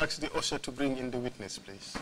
Ask the usher to bring in the witness, please.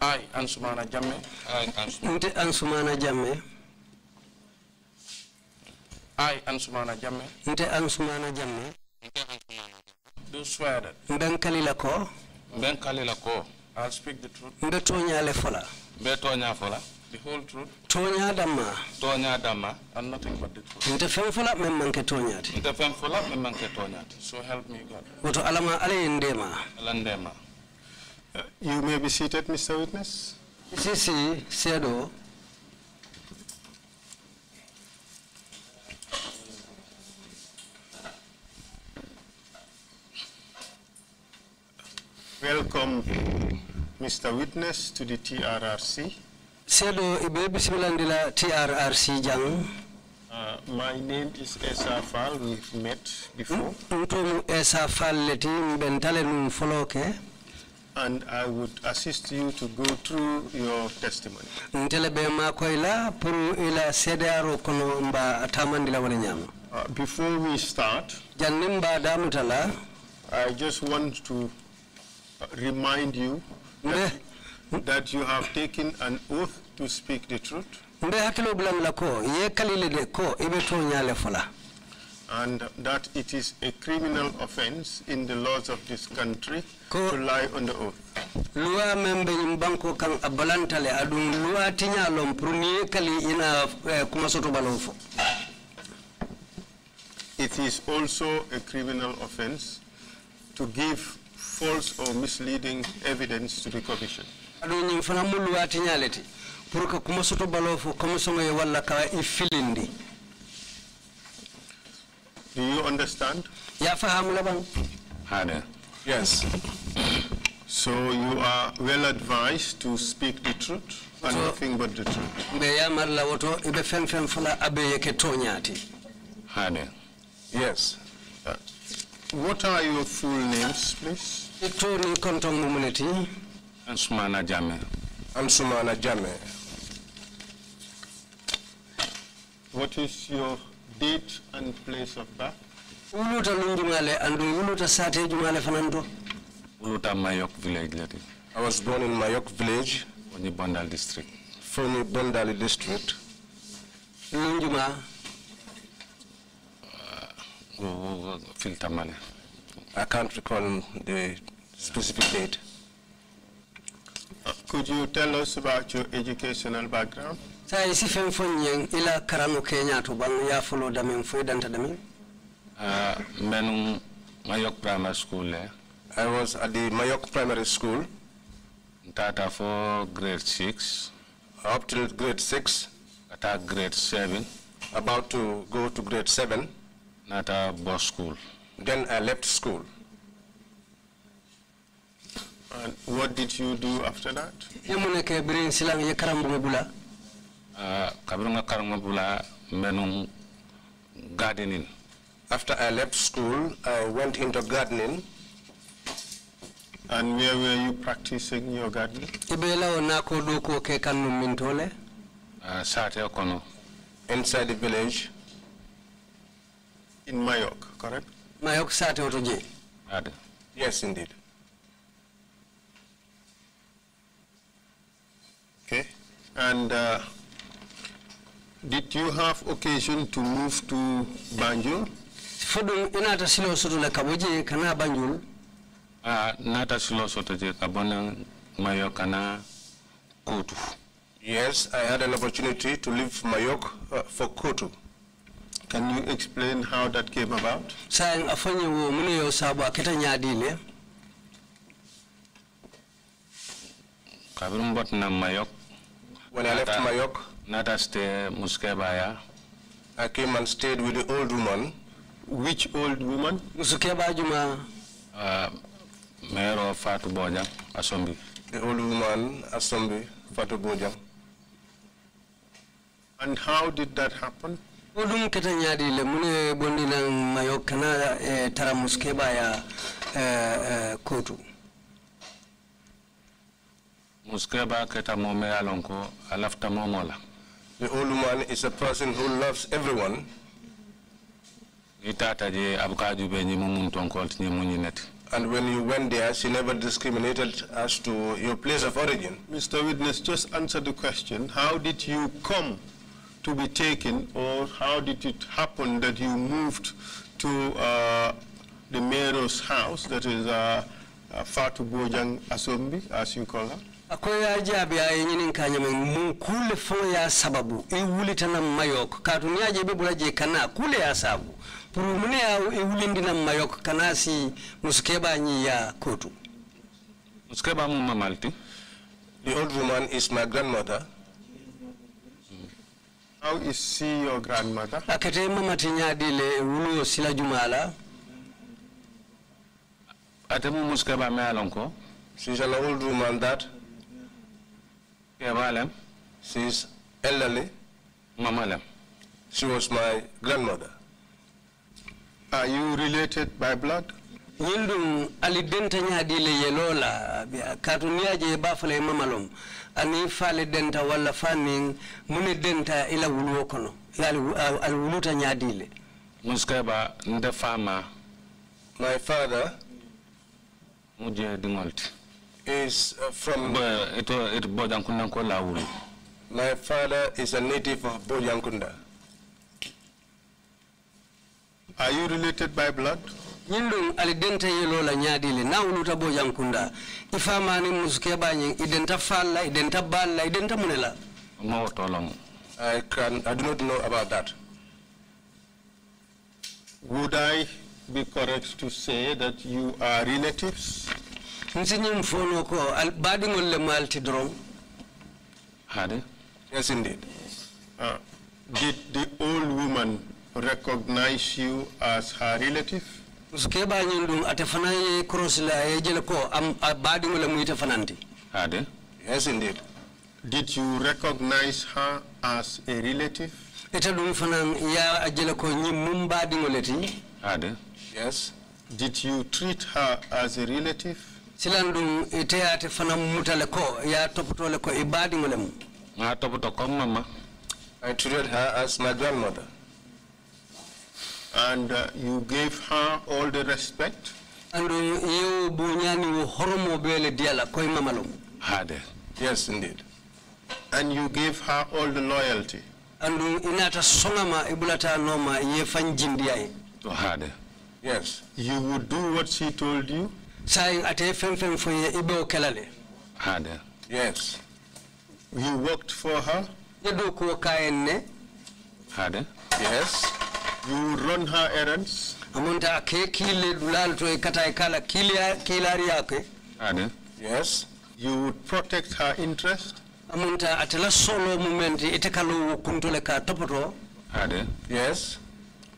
I, Ansumana Jamme. I, Ansumana, Ansumana Jamme. I, Ansumana Jamme. Nte Ansumana Jamme. Nte Ansumana Do swear that. Mbenkali lako. Mbenkali lako. I'll speak the truth. Mbe tonya le fola. Mbe tonya fola. The whole truth. Tonya dama. Tonya dama. And nothing but the truth. Nte fem fola me manke tonya. Nte fem fola tonya. So help me God. Woto alama ale ndema. Ala ndema. You may be seated, Mr. Witness. Sisi, Seado. Welcome, Mr. Witness, to the TRRC. Seado, ibe bismillah TRRC jang. Uh, my name is Esa Fal. We've met before. Hmm, Tutum Esa Fal leti mbentale nung ke. and I would assist you to go through your testimony. Uh, before we start, I just want to uh, remind you that, that you have taken an oath to speak the truth and that it is a criminal offense in the laws of this country to lie on the oath. membe abalantale adun tinya lom ina eh, balofo. It is also a criminal offense to give false or misleading evidence to the commission. Adun tinya leti. Puruka balofo ifilindi. Do you understand? Ya faham na bang? Hana. Yes. So you are well advised to speak the truth and so, nothing but the truth. Mbe ya marla woto ibe fen fen fula abe yeke tonyati. Hana. Yes. Uh, what are your full names, please? Itu ni kontong mumuneti. Ansumana Jame. Ansumana Jame. What is your date and place of birth. Uluta lunjumale and uluta sate jumale fananto. Uluta Mayok village lati. I was born in Mayok village. Oni Bandal district. From the Bandali district. Lunjuma. Uh, Filtamale. I can't recall the specific date. Uh, could you tell us about your educational background? ila kenya ya ah, mayok primary school le eh. i was at the mayok primary school tata for grade 6 up till grade 6 Ata grade 7 about to go to grade 7 at a boss school then i left school and what did you do after that uh, gardening. After I left school, I went into gardening. And where were you practicing your gardening? Ibela uh, Inside the village. In Mayok, correct? Mayok sate otoje. Yes, indeed. Okay. And uh, did you have occasion to move to Banjul? Fudum inata silo soto la kaboje kana Banjul. Ah, nata silo soto je kabona mayo kana Kotu. Yes, I had an opportunity to leave Mayok uh, for Kotu. Can you explain how that came about? Saying afanye wo mune yo sabu aketa nyadile. Kabirumbot na Mayok. When I left Mayok, Nataste Muskebaya. I came and stayed with the old woman. Which old woman? Muskebaya Juma. Uh, Mayor of Fatu Boja, Asombi. The old woman, Asombi, Fatu Boja. And how did that happen? Odum ketanyadi le mune bondi na mayokana eh, tara muskebaya eh, eh, kotu. Muskeba keta mome alonko alafta momola. The old man is a person who loves everyone. And when you went there, she never discriminated as to your place of origin. Mr. Witness, just answer the question. How did you come to be taken, or how did it happen that you moved to uh, the mayor's house, that is uh, uh, Fatu Bojang Asombi, as you call her? akoya jaabi aye ñinin ñame mu kule fo ya sababu i wulitanan mayok kaatu ya jebe bula je kana kule ya sabu pour mune e i wulindinan mayok kana si muskeba ñi ya kotu muskeba mum mamalti the old woman is my grandmother How is she your grandmother? Akate mama tinyadile wulu sila jumala. Atemu muskeba me alonko. She's an old woman that Yeah, Malam. She's elderly. Mamalam. She was my grandmother. Are you related by blood? yildum ali denta ñaadi le yelola katuniyaje bafale mamalom ani fale denta wala fanning mune denta ila wulwo Yali al wuluta ñaadi le muskeba nde fama my father muje dingolte is uh, from... Uh, uh, my father is a native of Bojankunda. Are you related by blood? ñindum alidenta yelo la ñaadile na wuluta bo Ifama ni mani musuke bañi identa falla identa balla identa munela ma wotolam i can i do not know about that would i be correct to say that you are relatives fono ko le hade yes indeed uh, did the old woman recognize you as her relative ye cross la ye jele ko am le fananti hade yes indeed did you recognize her as a relative ita ɗum fanan ya jele ko mum hade yes did you treat her as a relative iteyate fana mutale ko ya topotole ko ibadi ngolem topoto mama i treated her as my grandmother and uh, you gave her all the respect and you bunyani you bele diala koy mamalum hade yes indeed and you gave her all the loyalty and inata songama ibulata noma ye fanjindi to hade yes you would do what she told you sai ate fem for fo ibo kelale hada ah, yes you worked for her yedo ah, yes you run her errands amunta ke kile to kile kilari ah, yes you would protect her interest amunta atela solo topoto yes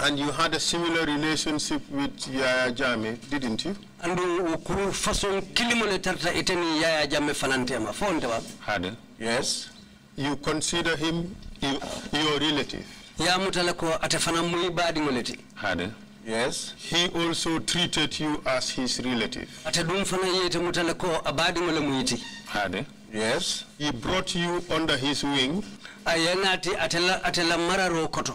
and you had a similar relationship with Yaya Jame, didn't you? Andu ukuru fason kilimo le tarta iteni Yaya Jame fanantema. Fonte ba? Had. Yes. You consider him your relative? Ya Mutalako ko atafana mulibadi ngoleti. Had. Yes. He also treated you as his relative. Atadum fana yete Mutalako ko abadi ngole muiti. Had. Yes. He brought you under his wing. Ayanati atela atala mararo koto.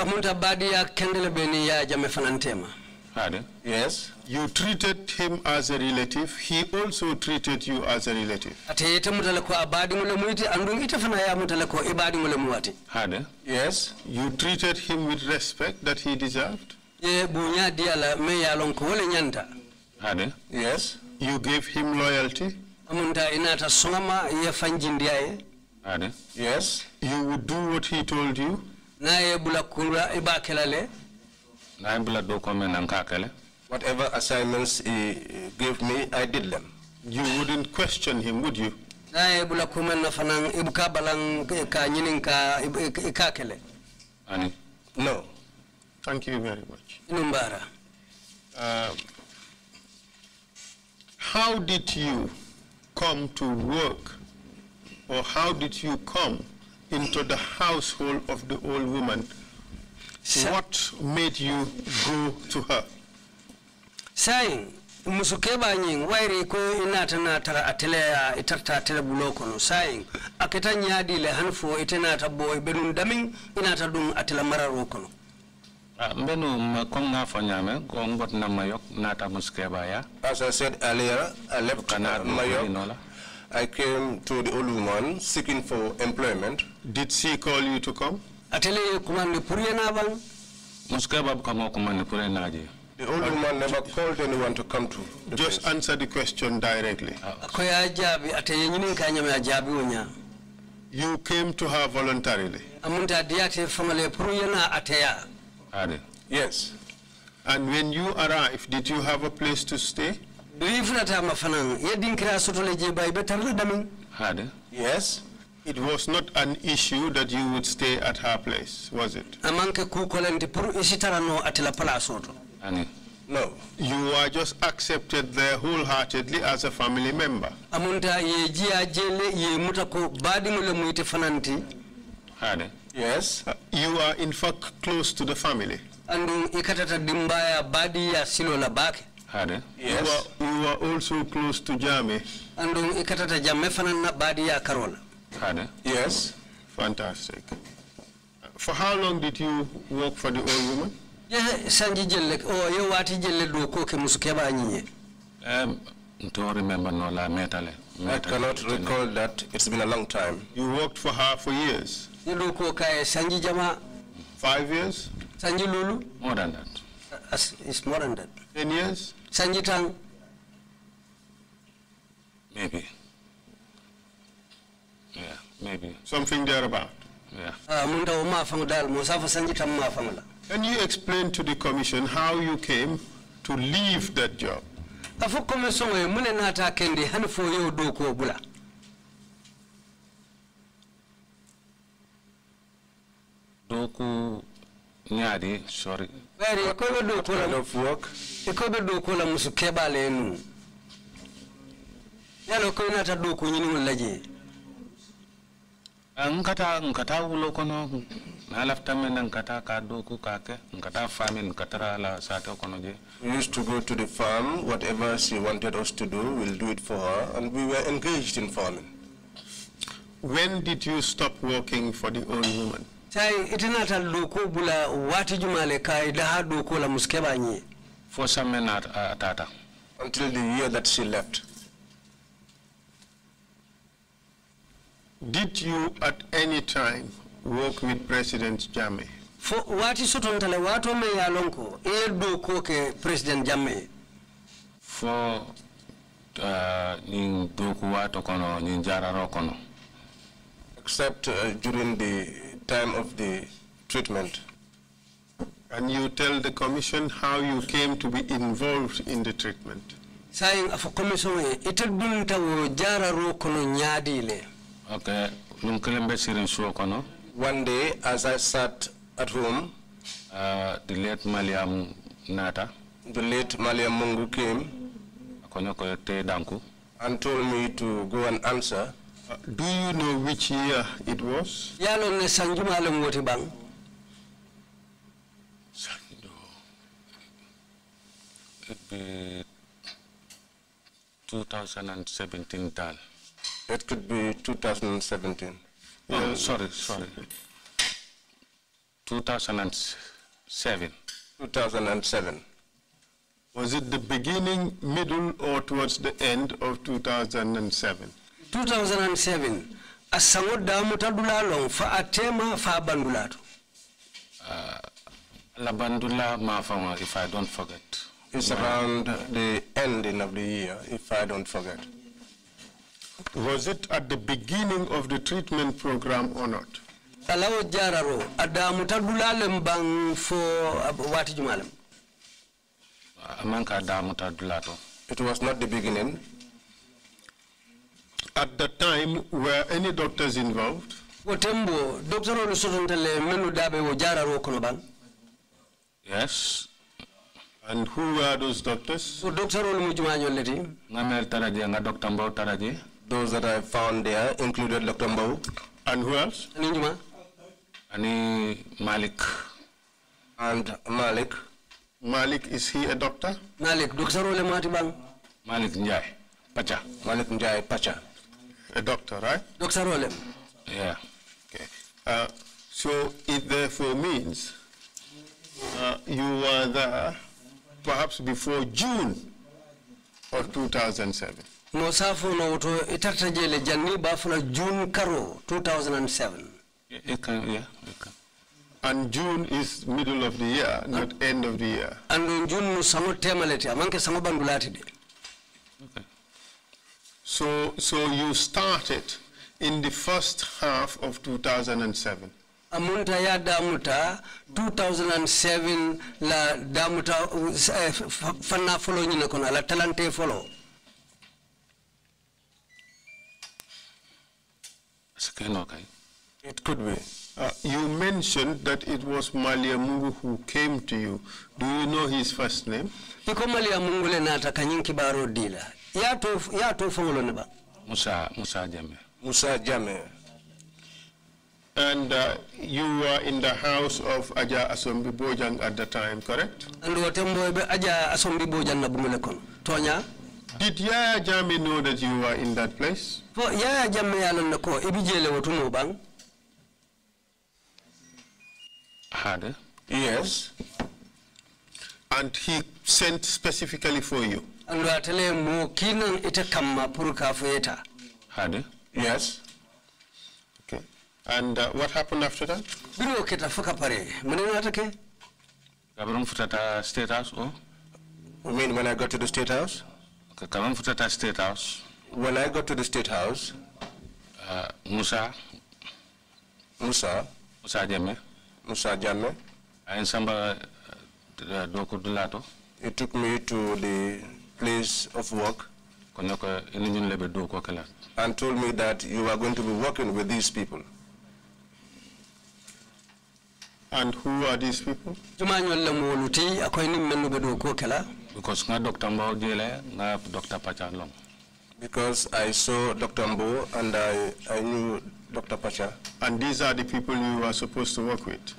amunta Badia Kendelebeni ya jame fanantema Yes. You treated him as a relative. He also treated you as a relative. Atete abadi mulemuiti andung ibadi mulemuati. Yes. You treated him with respect that he deserved. Ye bunya diala me nyanta. Yes. You gave him loyalty. Amunta inata fanjindiaye. Yes. You would do what he told you na ebula kula e ba kelale na ebula bula do ko men an ka whatever assignments he gave me i did them you wouldn't question him would you na ebula bula ko men na fanan e buka balan ka nyinin ka e ani no thank you very much numbara um, how did you come to work or how did you come into the household of the old woman. Sa what made you go to her? Saying, musukeba nying wairi ko inata na tara atelea itata atele buloko no saying aketa nyadi le hanfo itenata boy benun daming inata dun atela mararo kono na mayok nata ya as i said earlier i left kana mayok I came to the old woman seeking for employment. Did she call you to come? Muska The old woman never called anyone to come to. Just place. answer the question directly. You came to her voluntarily. Yes. And when you arrived, did you have a place to stay? Do you feel mafanang? Yedinkra sotole jeba ibetarla daming. Had. Yes. It was not an issue that you would stay at her place, was it? Amanke kukolente puru isitarano atila pala soto. Ani. No. You were just accepted there wholeheartedly as a family member. Amunta yejia jele yemuta ko badi mule muite fananti. Hade. Yes. Uh, you are in fact close to the family. Andu ikatata dimbaya badi ya silo la bake. Hade. Yes. We were, we were also close to Jame. Andong ikatata Jame fanana badi ya Karona. Hade. Yes. Fantastic. For how long did you work for the old woman? Yeah, sanji jelle yo wati jelle ke Um don't remember no la metale. I cannot recall that. It's been a long time. You worked for her for years. sanji jama. Five years. Sanji lulu. More than that. Uh, it's more than that. Ten years. Sanji Maybe. Yeah, maybe. Something about. Yeah. Ah, Can you explain to the commission how you came to leave that job? afu commission nata do ko bula do ko sorry very, of work. do lenu. Eh, do do We used to go to the farm whatever she wanted us to do we'll do it for her and we were engaged in farming. When did you stop working for the old woman? tai itina tal bula wati jumale kai da ha la muskeba nye for some men at uh, tata until the year that she left did you at any time work with president jame fo wati soton tale wato me ya lonko e doko ke president jame for uh, nin doko wato kono nin jararo kono except uh, during the time of the treatment. And you tell the commission how you came to be involved in the treatment. Saying of commission, it will be jara ro kono nyadi le. Okay, nungkelem besirin suo kono. One day, as I sat at home, uh, the late Maliam Nata, the late Maliam Mungu came, kono kote danku, and told me to go and answer. Do you know which year it was? Yalo ne sanjuma le mwoti bang. Sando. It be 2017 dal. It could be 2017. Oh, sorry, sorry. 2007. 2007. Was it the beginning, middle, or towards the end of 2007? 2007 asango damu tadula long fa atema fa bandulato uh, la bandula ma mafama if i don't forget it's around the ending of the year if i don't forget was it at the beginning of the treatment program or not talawo jararo adamu tadulalem bang for wati jumalem uh, amanka adamu tadulato it was not the beginning at the time, were any doctors involved? Yes. And who were those doctors? Those that I found there included Dr. Mbao. And who else? Ani Malik. And Malik. Malik, is he a doctor? Malik, Dr. Malik Njai, Pacha. Malik Njai, Pacha. A doctor, right? Dr. Olem. Yeah. Okay. Uh, so it therefore means uh, you were there perhaps before June of 2007. No, safo no to itata jele janni bafuna June karo 2007. Yeah, yeah, okay. And June is middle of the year, not end of the year. And June no samo temalete, amanke samo bangulati de. Okay. So, so you started in the first half of 2007. Amunta ya damuta 2007 la damuta eh, fanna follow ñina kono la talante follow. It could be. Uh, you mentioned that it was Malia who came to you. Do you know his first name? Iko Malia Mungu le nata kanyinki baro dila ya to ya to fongolo ne ba musa musa jame musa jame And uh, you were in the house of Aja Asombi Bojang at the time, correct? And Aja Asombi Bojang na bumulekon. Tonya? Did Yaya Jami know that you were in that place? Po Yaya Jami anon nako ibijele watu mubang. Had? Eh? Yes. And he sent specifically for you? ngatele mo kinan ita kamma pour ka hade yes okay and uh, what happened after that biro fuka pare atake futata state house oh you mean when i got to the state house okay futata state house when i got to the state house uh, musa musa musa jame musa jame and somebody uh, He uh, took me to the place of work and told me that you are going to be working with these people. And who are these people? Because I saw Dr. Mbo and I, I knew Dr. Pacha. And these are the people you are supposed to work with?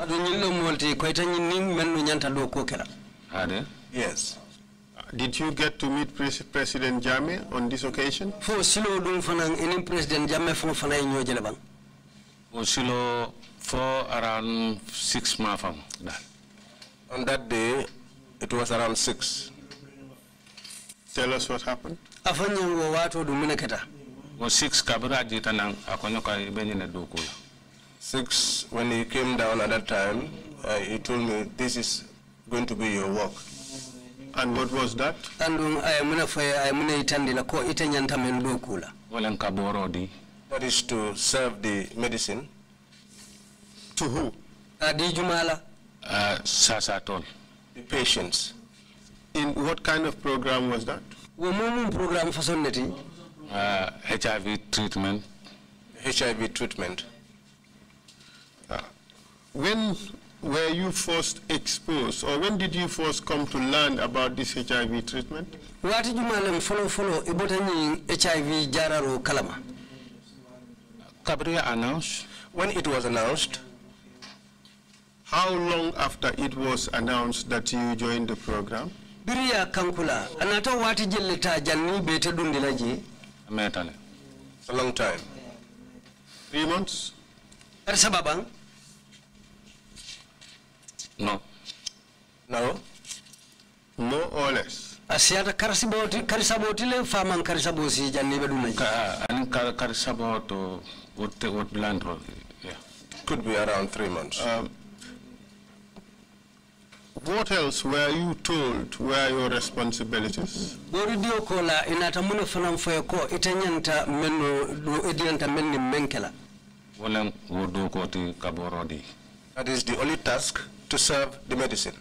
Yes. Did you get to meet President Jame on this occasion? Fo silo dum fanang inim President Jame fo fanay ñoo jele ban. Fo silo fo around 6 ma fam. On that day it was around 6. Tell us what happened. Afanyo wo wato dum minakata. Fo 6 kabra jita nan akonyo ne do dokula. 6 when he came down at that time uh, he told me this is going to be your work. And what was that? And um, I Andu ayamuna fe ayamuna itandila ko itanyanta mendokula. Walanka borodi. That is to serve the medicine. To who? Adi uh, Jumala. Uh, Sasatol. The patients. In what kind of program was that? We Womumu program for somebody. Uh, HIV treatment. HIV treatment. Uh, when were you first exposed, or when did you first come to learn about this HIV treatment? you mean? follow follow ibotani HIV jararo kalama. Kabriya announced. When it was announced. How long after it was announced that you joined the program? Biria kankula anata wati jelleta janni bete dundilaji. It's A long time. Three months. Sababang. No. No? No or less. Asiata karisaboti karisaboti le faman karisabosi janibe dunaji. Ka anin karisaboto what what land yeah. Could be around three months. Um, what else were you told were your responsibilities? Boridio kola inata mune fanam foyako itanyanta menu edianta menni menkela. Wolem wodokoti kaborodi. That is the only task to serve the medicine.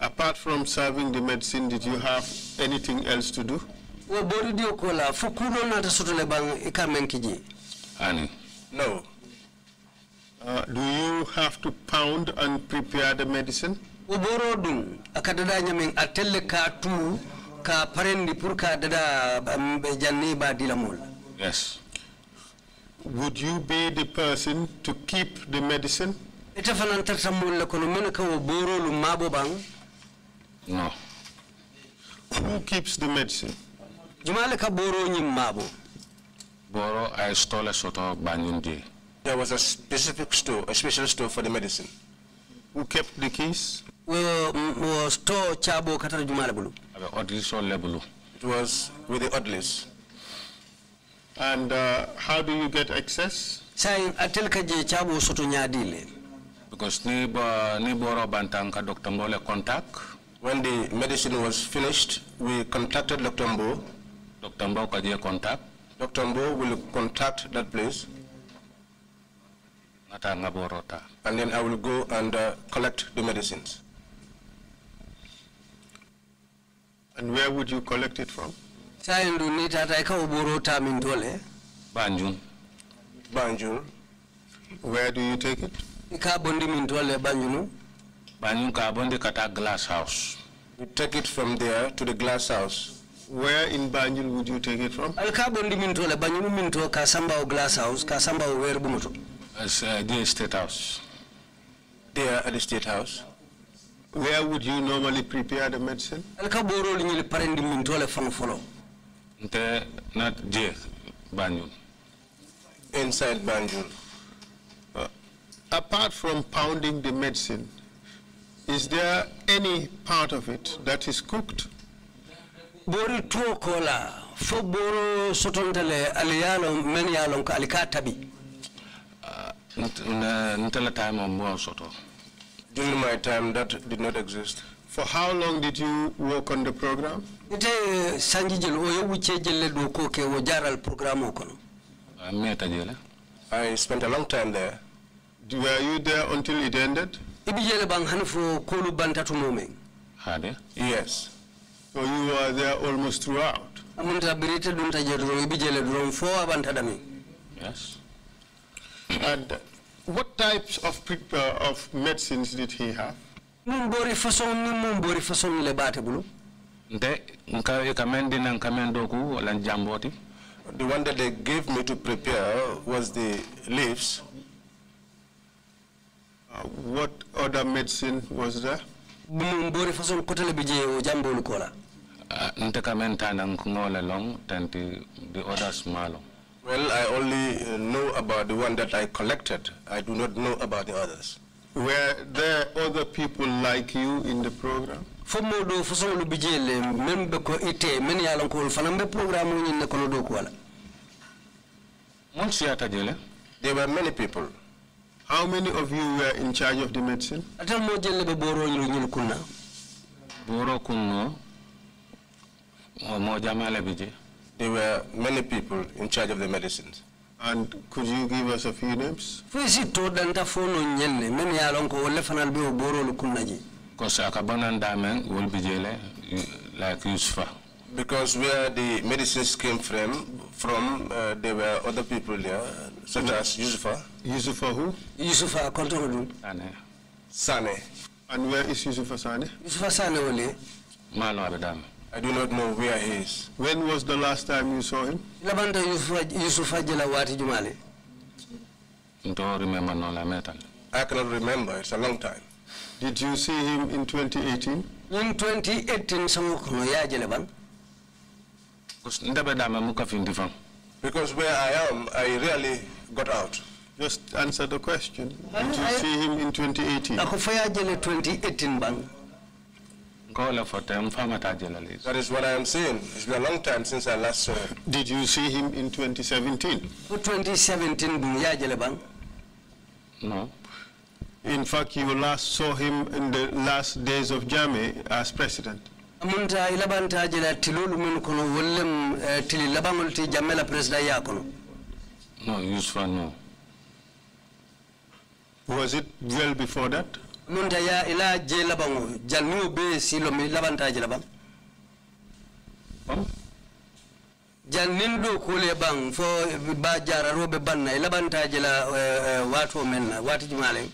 Apart from serving the medicine, did you have anything else to do? Well, ikamenkiji. Honey. No. Uh, do you have to pound and prepare the medicine? Oboro dun akadada nyamin atelle ka tu ka parendi pur ka dada um, janne ba dilamol. Yes. Would you be the person to keep the medicine? ite fanan tarta mulla kono men ka wo borolu mabo bang no who keeps the medicine jumale ka boro ni mabo boro i stole a sort soto banyinde there was a specific store a special store for the medicine who kept the keys wo store chabo katara jumale bulu abe odlis o lebulu it was with the odlis and uh, how do you get access sai atel ka chabo soto nyadile because neighbor, Bantanka, Dr. Mbole contact. When the medicine was finished, we contacted Dr. Mbo. Dr. Mbo Kadia contact. Dr. Mbo will contact that place. And then I will go and uh, collect the medicines. And where would you collect it from? Sayendu ni mindole. Banjul. Banjul. Where do you take it? Kabondi mintwale banyunu. Banyun kabondi kata glass house. You take it from there to the glass house. Where in Banjul would you take it from? Al kabondi mintwale banyunu minto kasamba o glass house kasamba o werbu muto. As uh, the state house. There at the state house. Where would you normally prepare the medicine? Al kaboro li nyele parendi mintwale fang follow. Nte not there Banjul. Inside Banjul apart from pounding the medicine, is there any part of it that is cooked? Bori tuokola, fo boro sotondele aliyalo menyalo ka alikatabi. Uh, Ntela uh, time on more soto. During my time, that did not exist. For how long did you work on the program? Ite sanjijel oye uchejele duko ke wajaral programo kono. Ameta uh, jela. I spent a long time there. Were you there until it ended? Ibijele bang hanfo kolu bantatu momeng. Hade? Yes. So you were there almost throughout. Amunta birite dunta jedrong ibijele drong fo abantadami. Yes. And uh, what types of uh, of medicines did he have? Mumbori fason ni mumbori fason le bate bulu. Nde nka kamendi na kamendo ku lan jamboti. The one that they gave me to prepare was the leaves uh, what other medicine was there? Mbori fason I bije o jambo lukola. Uh, Ntakamenta nangole long tenti the others malo. Well, I only uh, know about the one that I collected. I do not know about the others. Were there other people like you in the program? Fomodo fason lu bije le membe ko ite men yalon fanambe program ni ne do ko wala. jele. There were many people. How many of you were in charge of the medicine? Atal mo jelle be boro ñu ñu kunna. Boro kunno. Mo jamale bi je. There were many people in charge of the medicines. And could you give us a few names? Fisi to danta fono ñelle men ya lon ko wolle fanal be boro lu kunna ji. Ko sa ka banan damen wol bi jele like Yusufa. Because where the medicines came from, from uh, there were other people there, such mm -hmm. as Yusufa. Yusufa who? Yusufa Kontorodu. Sane. Sane. And where is Yusufa Sane? Yusufa Sane only. Man or I do not know where he is. When was the last time you saw him? Labanda Yusufa Jelawati Jumali. Don't remember no metal. I cannot remember. It's a long time. Did you see him in 2018? In 2018, some Kunoya Jelaban. Because where I am, I rarely got out. Just answer the question. Did you see him in 2018? Nakufayajele 2018 bang. That is what I am saying. It's been a long time since I last saw him. Did you see him in 2017? 2017 bang. No. In fact, you last saw him in the last days of Jami as president. Munta ilabanta jela tilulu min kono wollem eh, tili labangol ti jamela president ya No, Useful, no. Was it well before that? Munta ila je labango janu be silo mi labanta je labang. jannindo kule bang fo ba jararoɓe banna e laɓantaji la eh, eh, wato men wati jumale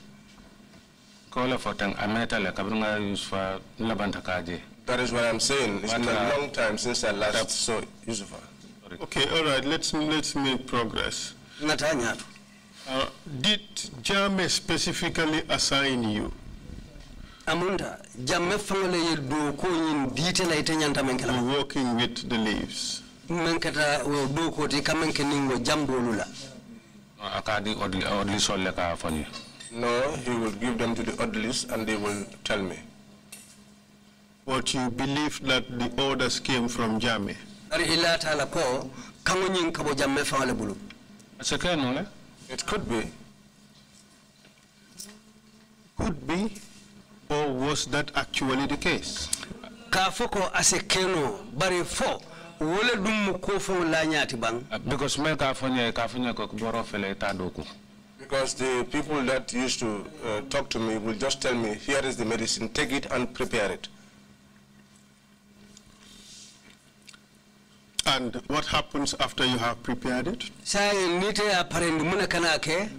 kawla fo tan a kabrunga yusufa laɓanta kaje That is what I'm saying. It's been a long time since I last saw Yusufa. Okay, all right. Let's let's make progress. Natanya. Uh, did Jame specifically assign you? Amunda, Jame fangale do ko yin biite na ite nyanta menkela. Working with the leaves. Menkata wo do ko ti kamenke ningo jambo lula. Akadi odli odli solle ka fanyi. No, he will give them to the odlis and they will tell me. But you believe that the orders came from Jame? Ari ilata la ko kangonyin kabo Jame fangale bulu. Asekeno le? It could be. Could be. Or was that actually the case? Kafoko asekeno barifo wole dum kofo lanyati bang. Because me kafonya kafonya ko boro fele tadoku. Because the people that used to uh, talk to me will just tell me, here is the medicine, take it and prepare it. And what happens after you have prepared it? Saya nite aparendi muna kanake.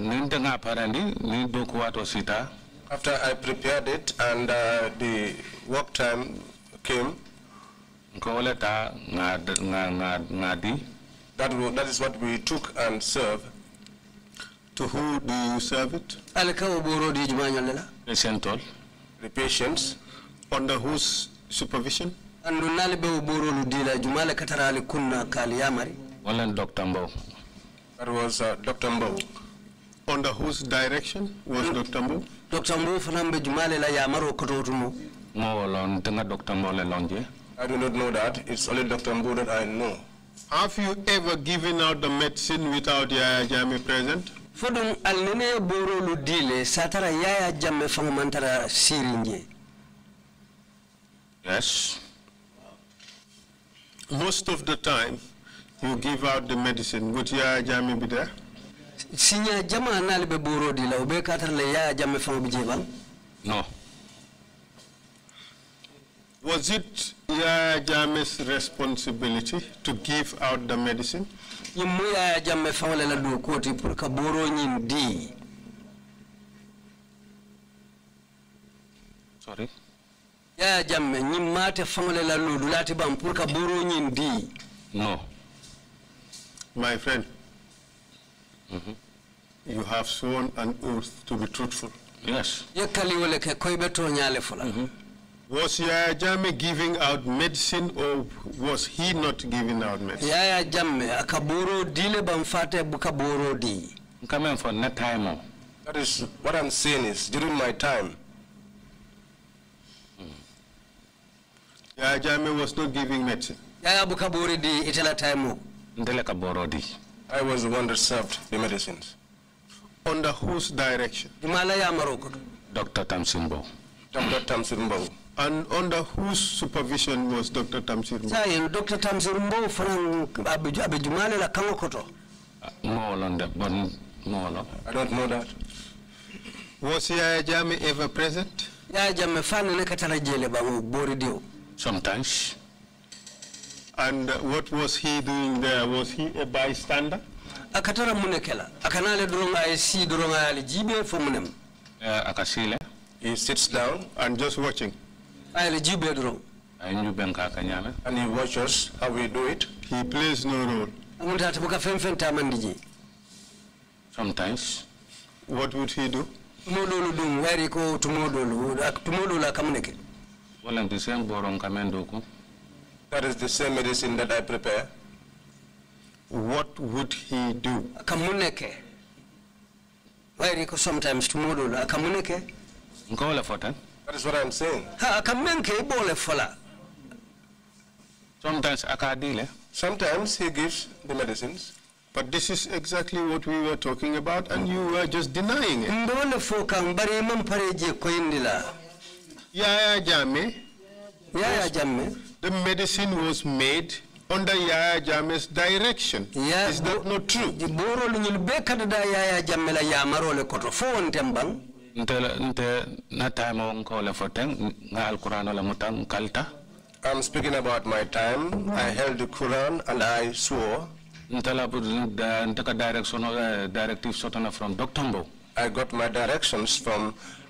Ninte nga aparendi nindo kuwato sita. After I prepared it and uh, the work time came. Nkoleta nga nga nga di. That that is what we took and served. To who do you serve it? Alikawa boro di jumanya lela. The The patients. Under whose supervision? andu nali be borolu dila juma katarali kunna kali yamari wallan dr mbow that was uh, dr mbow under whose direction was mm. dr mbow dr mbow fanambe juma le la yamaro kototumo mo lon tanga dr mbow le lonje i do not know that it's only dr mbow that i know have you ever given out the medicine without yaya jami present fodum alnene borolu dile satara yaya jamme fangamantara sirinje yes most of the time you give out the medicine But ya jami bi de sinya jama nal be boro di la be katar le ya jami fo bi jebal no was it ya jami's responsibility to give out the medicine yimu ya jami fo le la do koti pour ka boro nyin di sorry eh jamme ñim mate famale la no dulati bam pour ka boro no my friend mm -hmm. you have sworn an oath to be truthful yes yakali wala ke koy be to ñale fula mm-hmm. Was Yaya Jame giving out medicine or was he not giving out medicine? Yaya Jame akaburo dile bamfate bukaboro di. Coming for that time. That is what I'm saying is during my time Yaya Jame was not giving medicine. Yaya Bukaburi di itela time. Ndele Borodi. I was the one that served the medicines. Under whose direction? Himalaya Morocco. Dr. Tamsimbo. Dr. Tamsimbo. And under whose supervision was Dr. Tamsimbo? Say, Dr. Tamsimbo from Abijumale la Kangokoto. Ah, Moolonde, bon moolo. I don't know that. Was Yaya Jame ever present? Yaya Jame fana nekatala jele ba boridi sometimes. And uh, what was he doing there? Was he a bystander? Akatara munekela. Akanale duronga esi duronga alijibe fumunem. Uh, akasile. He sits down and just watching. Alijibe durong. And he watches how we do it. He plays no role. Mutatabuka femfen tamandiji. Sometimes. What would he do? Modulu dung, where he go to modulu, that is the same medicine that I prepare. What would he do? Kamuneke. Wairiko sometimes tomorrow. Kamuneke. Nkole fota. That is what I am saying. Ha kamenke ibole fola. Sometimes akadile. Sometimes he gives the medicines. But this is exactly what we were talking about and you were just denying it. Mbole foka mbare mampareje koindila. Yaya Jame. Yaya Jame. The medicine was made under Yaya Jame's direction. Yeah, Is that not true? Boro lunyul bekada da Yaya Jame la yamaro le koto fo ntembang. Nte nte na time onko le foten nga alquran la mutang kalta. I'm speaking about my time. I held the Quran and I swore. Nte la nte ka direction eh, directive sotana from Dr. Mbo. I got my directions from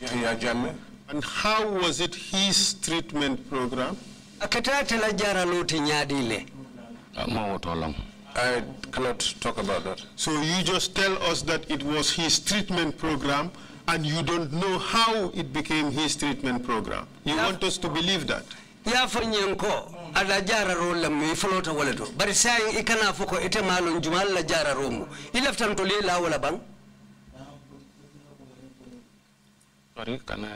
Yahya Jammeh. And how was it his treatment program? jara nyadile. I cannot talk about that. So you just tell us that it was his treatment program and you don't know how it became his treatment program. You want us to believe that? yafo ñenko ala jararol lam i folota wala to bari sayin i kana fo ko ite malon juma alla jararo mu i laftan to le lawala bang sorry kana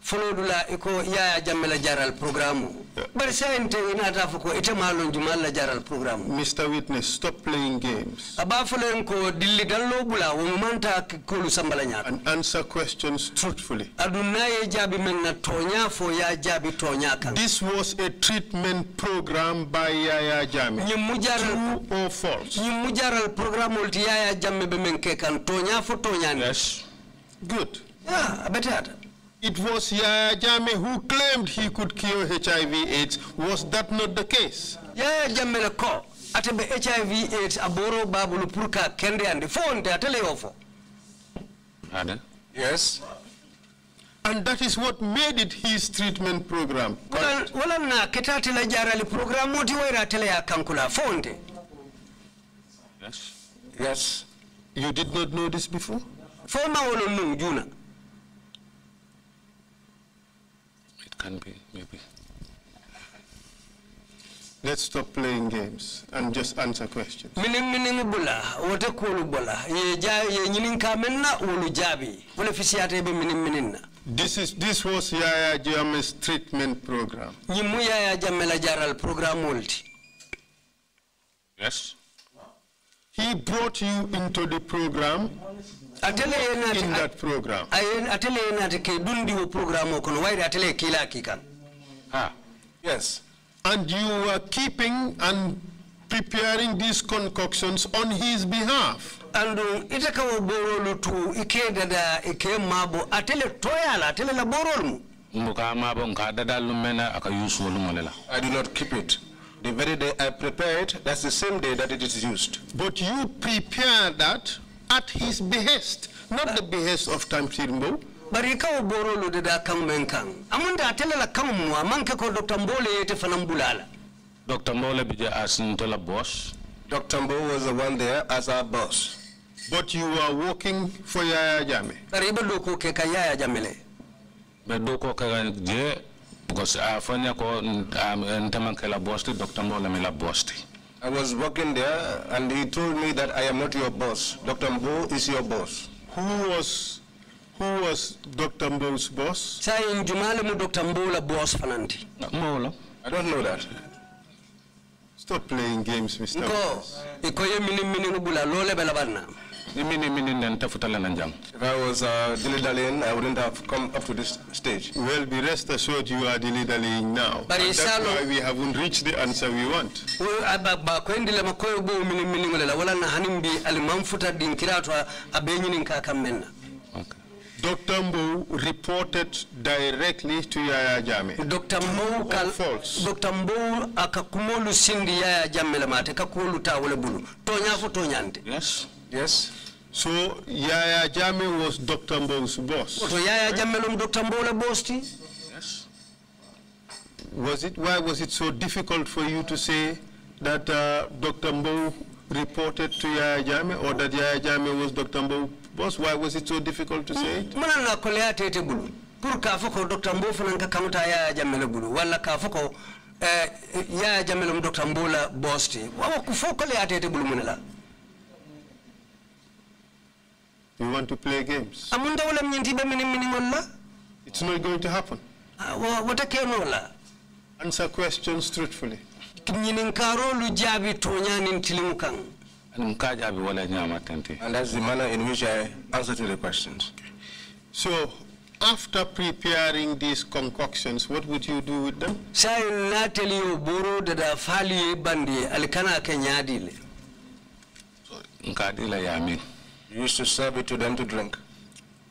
Follow dulu hani iko dula iya, iko ya jamela jaral programme yeah. bari sayinte inata fo ko ite malon jumalla jaral programme mr witness stop playing games aba folen ko dilli dallo bula wo manta sambala and answer questions truthfully aduna jabi men na tonya fo ya jabi tonya kan this was a treatment program by yaya jamme ni mujaral true or false ni mujaral programme ulti yaya jamme be men ke kan tonya fo tonya yes Good. Yeah, better. It was Yaya Jame who claimed he could cure HIV AIDS. Was that not the case? Yaya Jame na ko atembe HIV AIDS aboro babulu purka kende ande fonte atele ofo. Ada? Yes. And that is what made it his treatment program. Wala na ketati la li program moti wera atele ya kankula fonte. Yes. Yes. You did not know this before? fo mawolol nun it can be maybe Let's stop playing games and just answer questions. Mining mining bula, wote kulu bula. Ye ja ye nyinin kamena ulu jabi. Wole fisiate be mining mininna. This is this was Yaya Jame's treatment program. Nyimu Yaya Jamela Jaral program ulti. Yes. He brought you into the program atele enati in that program ayen atele enati ke dundi wo program o kono wayde atele kila kika ah yes and you were keeping and preparing these concoctions on his behalf And itaka wo borolu tu ikeda da ike mabo atele toyala atele la borol mu mbuka mabo nka dadal mena aka yusu lumolela i do not keep it the very day i prepare it, that's the same day that it is used but you prepare that at his behest, not the behest of Tamsirimbo. bari kawo borolo de da kan men kan amunda atela la mu manke ko dr mbole yete fanan bulala dr mbole bija as ntela boss dr mbole was the one there as our boss but you were working for yaya jame bari ba doko ke ka yaya jame le be doko ka je because a ah, fanya ko ah, ntamanka la boss dr mbole me la boss I was working there, and he told me that I am not your boss. Dr. Mbo is your boss. Who was who was Dr. Mbo's boss? Saying Jumalimu Dr. Mbo la boss fananti. I don't know that. Stop playing games, Mr. Ko, ikoye mini mini nubula lole belabanam. If I was uh, Dili dallying I wouldn't have come up to this stage. Well, be rest assured you are Dili dallying now. But that's why we haven't reached the answer we want. Uh, okay. Dr. Mbu reported directly to Yaya Jame. Dr. Mbu or false. Dr. Mbu akakumolu sindi Yaya Jame la mate kakulu tawele bulu. Tonya fo tonyante. Yes. Yes. So Yaya Jammeh was Dr. Mbo's boss. So Yaya Jammeh was Dr. Mbola boss Yes. Was it, why was it so difficult for you to say that uh, Dr. Mbo reported to Yaya Jammeh or that Yaya Jammeh was Dr. Mbo boss? Why was it so difficult to say it? Manana kolea tete bulu. Pour kafuko foko Dr. Mbo fananka kamuta Yaya Jammeh bulu. Wala ka foko eh, Yaya Dr. Mbo la boss ti. Wawa kufoko le atete bulu munela. You want to play games. It's not going to happen. Ah, answer questions truthfully. And that's the manner in which I answer to the questions. So, after preparing these concoctions, what would you do with them? Sorry. You used to serve it to them to drink.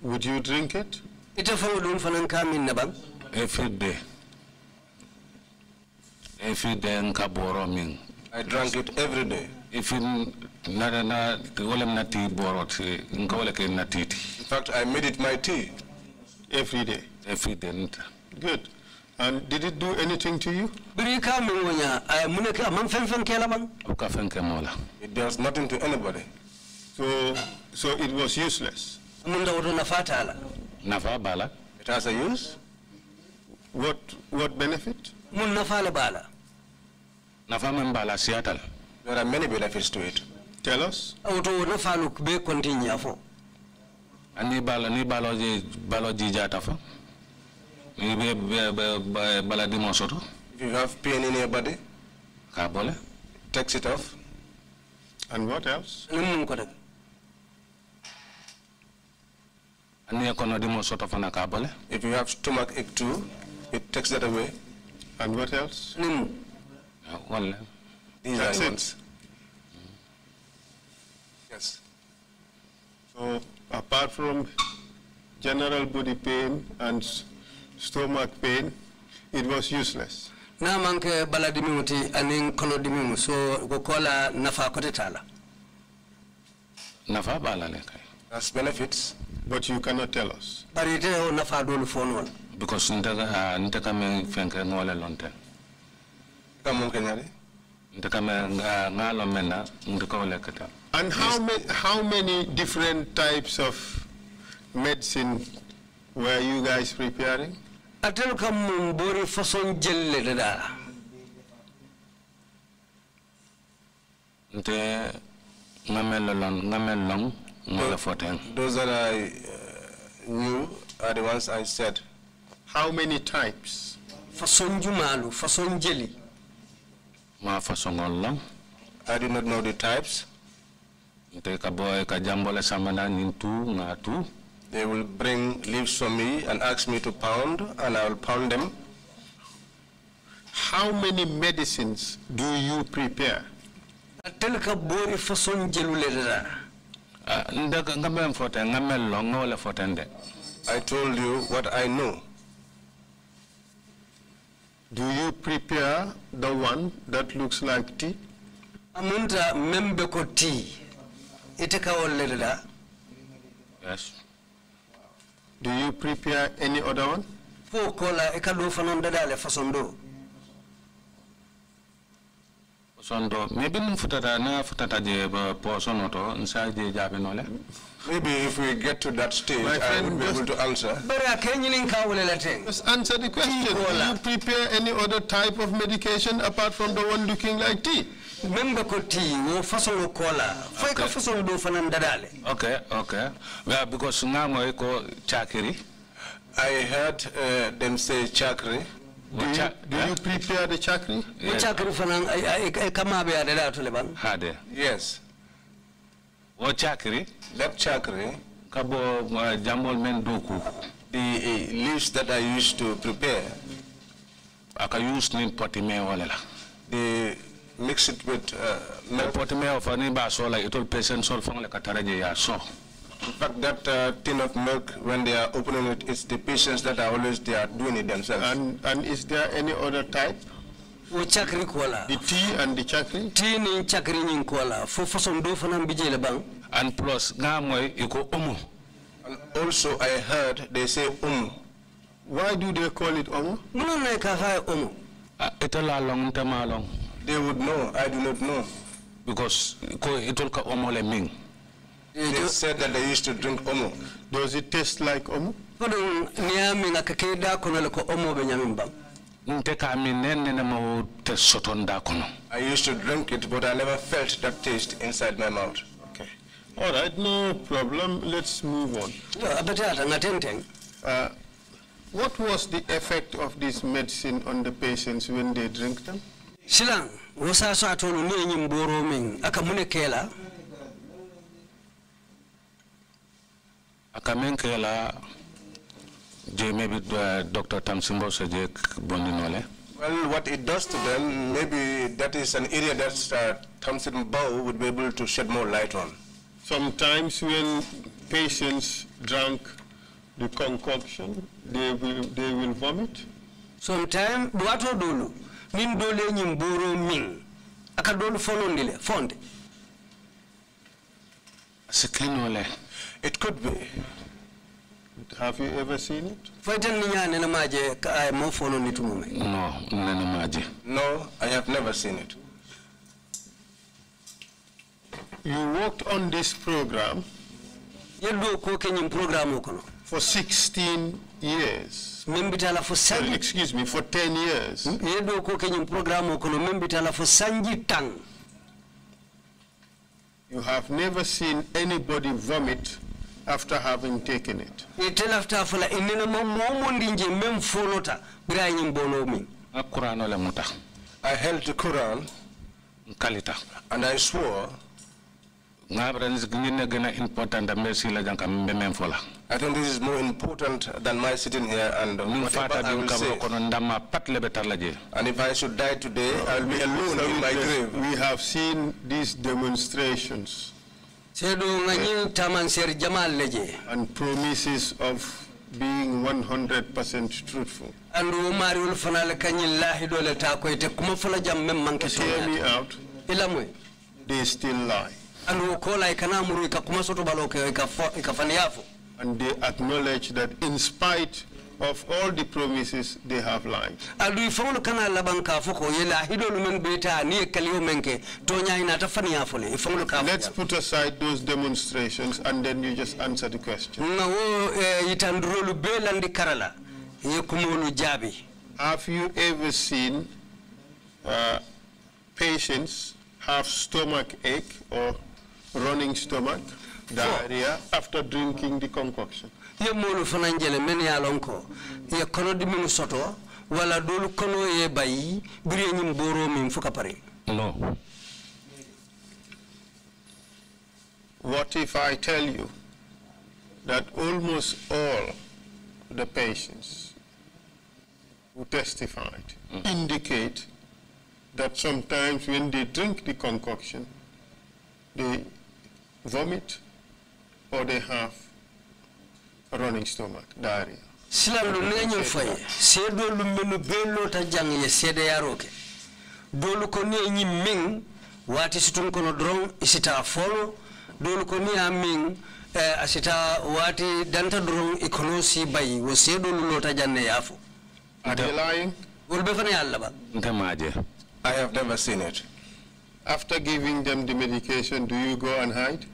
Would you drink it? It's a food on Fanankami Nabang. Every day. Every day in min. I drank it every day. If in in In fact, I made it my tea. Every day. Every day. Good. And did it do anything to you? Eh, it does nothing to anybody. So so it was useless. It has a use. What what benefit? There are many benefits to it. Tell us. Auto If you have pain in your body, kabole. Takes it off. And what else? Eh? If you have stomach ache too, it takes that away. And what else? Mm. Uh, one. These That's it. Mm. Yes. So apart from general body pain and stomach pain, it was useless. na manke bala dimimu aning anin kolo so ko kola nafa kote tala nafa bala as benefits but you cannot tell us. Barite o nafa phone fonon. Because ntaka ntaka me fenka ngole lonten. Kamu kenyare? Ntaka me ngalo mena ntaka ole kata. And how many how many different types of medicine were you guys preparing? Atel kamu fason jelle dada. Nte long long more than 14. Those that I uh, knew are the ones I said. How many times? Fason Jumalu, Fason Jeli. Ma Fason Allah. I do not know the types. They will bring leaves for me and ask me to pound, and I will pound them. How many medicines do you prepare? Uh, I told you what I know. Do you prepare the one that looks like tea? Amundra membe ko tea. Iteka olelela. Yes. Do you prepare any other one? Fo kola ekalu fanon dadale fasondo sondo maybe num futata na futata je po sonoto nsa je jabe nole maybe if we get to that stage My i would be able to answer but i can you just answer the question do you prepare any other type of medication apart from the one looking like tea membe ko ti wo façon kola fay ka façon do fanan dadale okay okay well because ngamo ko Chakri. i heard uh, them say chakri Eh? do you, eh? prepare the chakri? Yeah. Chakri fanan kamabe ya dela tuleban. Hade. Yes. O chakri, left chakri, kabo uh, jamol men doku. The eh, leaves that I used to prepare. Aka use nin potime walela. The mix it with uh, milk. Potime of aniba so like it all patient so fang like ataraje ya so the fact that uh, tin of milk, when they are opening it, it's the patients that are always they are doing it themselves. And, and is there any other type? wo chakri kola the tea and the chakri tea ni chakri ni kola fo façon do fana bijele bang and plus nga moy iko omo and also i heard they say omo why do they call it omo muno ne ka ha omo ita la long long they would know i do not know because ko itol ka omo le ming they said that they used to drink omo. Does it taste like omo? niami kono omo benyamimba. Nteka minene na sotonda kono. I used to drink it, but I never felt that taste inside my mouth. Okay. All right, no problem. Let's move on. Uh, what was the effect of this medicine on the patients when they drink them? Silang, wosa sa tolo ni ming, akamune kela. Akamenkela, maybe uh, Dr. Tamsimbo Bondinole. Well, what it does to them, maybe that is an area that uh, Tamsin would be able to shed more light on. Sometimes when patients drink the concoction, they will, they will vomit. Sometimes, duato dolu, min dole nyimburu min, akadolu fonondile, fonde. Sikinole. It could be. Have you ever seen it? No, no, I have never seen it. You worked on this program for 16 years. Sorry, uh, excuse me, for 10 years. You have never seen anybody vomit after having taken it. after I held the Quran. And I swore. I think this is more important than my sitting here and whatever I will say. And if I should die today, I will be alone in my grave. We have seen these demonstrations. And promises of being 100% truthful. And finally, umariul fana le kanyillahi dole ta ko ite kuma fana jamme manke so. Hear me out. Ilamwe. They still lie. And we call like ukola ikana muru ikakuma soto baloke ikafani yafo. And they acknowledge that in spite of all the promises they have lied. kana yela niye tonya afole Let's put aside those demonstrations and then you just answer the question. Na wo eh, itanduro lubela ndi karala jabi. Have you ever seen uh, patients have stomach ache or running stomach, diarrhea after drinking the concoction? wala ye bayi biri pare what if i tell you that almost all the patients who testified mm indicate that sometimes when they drink the concoction, they vomit or they have running stomach, diarrhea. Silam lu neñu fay, sedo lu menu belo ta jang ye sede yaroke. Dolu ko ne nyi ming wati sutun kono drong isita folo, dolu ko ne aming eh, asita wati danta drong ikonosi bayi wo sedo lu lota janne yafo. Are you lying? Wolbe fane yalla ba. Ntamaje. I have never seen it. After giving them the medication, do you go and hide?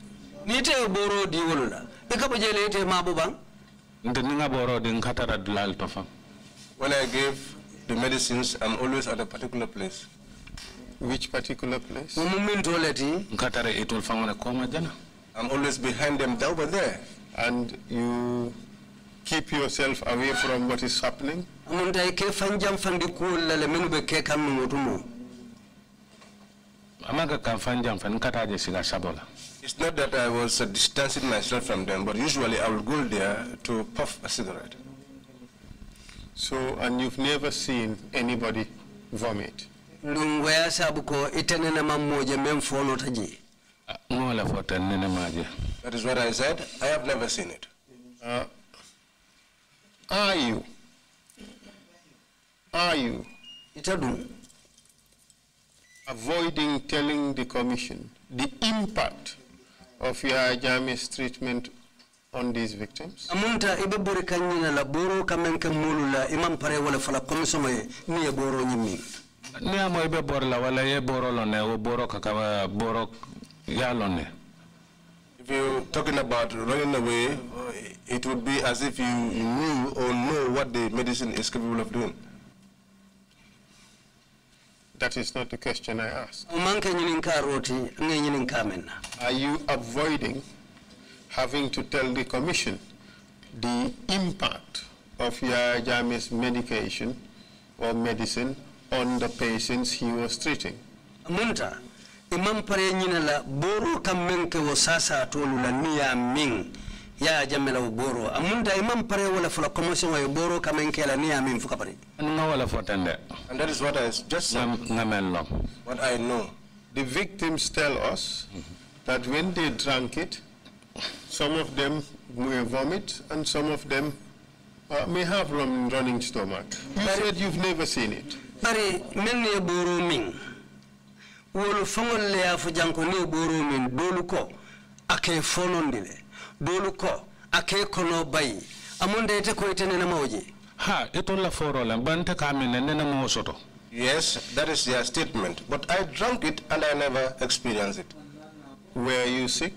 Nite boro di wolula. Ikabo jele ite mabu When I give the medicines, I'm always at a particular place. Which particular place? I'm always behind them over there. And you keep yourself away from what is happening? amaga kamfanja mfani kata aje siga sabola it's not that I was uh, distancing myself from them, but usually I would go there to puff a cigarette. So, and you've never seen anybody vomit? That is what I said. I have never seen it. Uh, are you? Are you? Itadu. Avoiding telling the commission the impact of your Jammeh's treatment on these victims? Amunta la boro mulula imam pare fala ye ni boro Ni amo la ye boro lone o boro kaka boro ya lone. If you're talking about running away, it would be as if you knew or know what the medicine is capable of doing. That is not the question I asked. Are you avoiding having to tell the commission the impact of your Jame's medication or medicine on the patients he was treating? Munta, imam pare nyina boro menke sasa tolu ming ya jamela boro amunta imam pare wala fula wa kama inkela ni amin fuka pare wala and that is what i just said what i know the victims tell us that when they drank it some of them may vomit and some of them uh, may have running stomach you said you've never seen it pare melne boro min wolu fongol le afu janko ne boro min doluko ake fonondile dolu ko ake kono bay amunde ite ko ite nena mawje ha ito la foro la banta kamene nena mawo soto yes that is their statement but i drank it and i never experienced it were you sick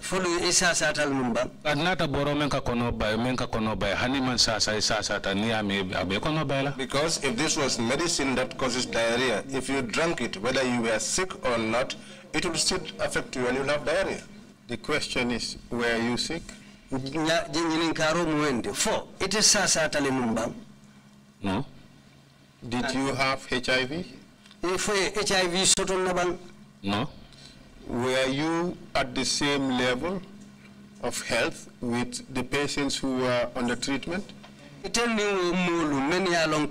fulu isa satal mumba adnata boro men ka kono bay men kono bay hani man sa sa isa sata ni ami abe kono bay la because if this was medicine that causes diarrhea if you drank it whether you were sick or not it will still affect you and you'll have diarrhea the question is, were you sick? It is No. Did you have HIV? HIV eh, No. Were you at the same level of health with the patients who were under treatment? itendi a men ya alla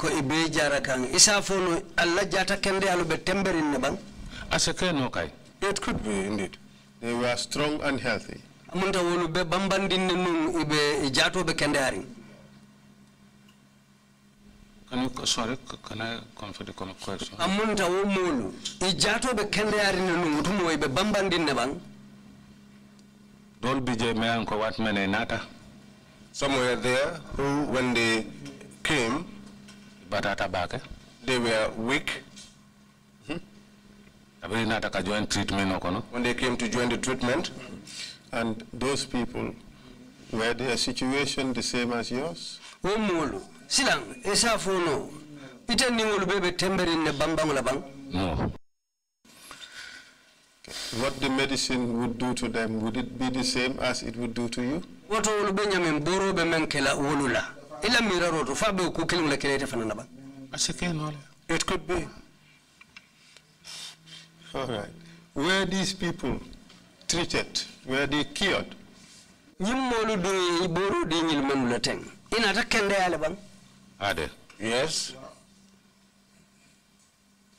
jata kende alu be temberin kai it could be indeed they were strong and healthy. Munta wolu be bambandinne nun ube jatobe kendari. Can you sorry? Can I come for the question? Amunta wo ijato be jatobe kendari nun utumo ibe bambandinne bang. Don't be me anko wat mene nata. Somewhere there who when they came, batata bake. They were weak when they came to join the treatment, and those people, were their situation the same as yours? Omulu, silang, esafuno, iten ningulu bebe temberin ne bambang labang? No. What the medicine would do to them, would it be the same as it would do to you? Woto ulu benyamin boro be menkela ulula. Ila miraroto, fabe ukukilu lekelete fananabang? Asikenu It could be. All right. Were these people treated? Were they cured? Nyimmolu du iburu di nyilmanu nateng. Inata kende ale bang? Ade. Yes.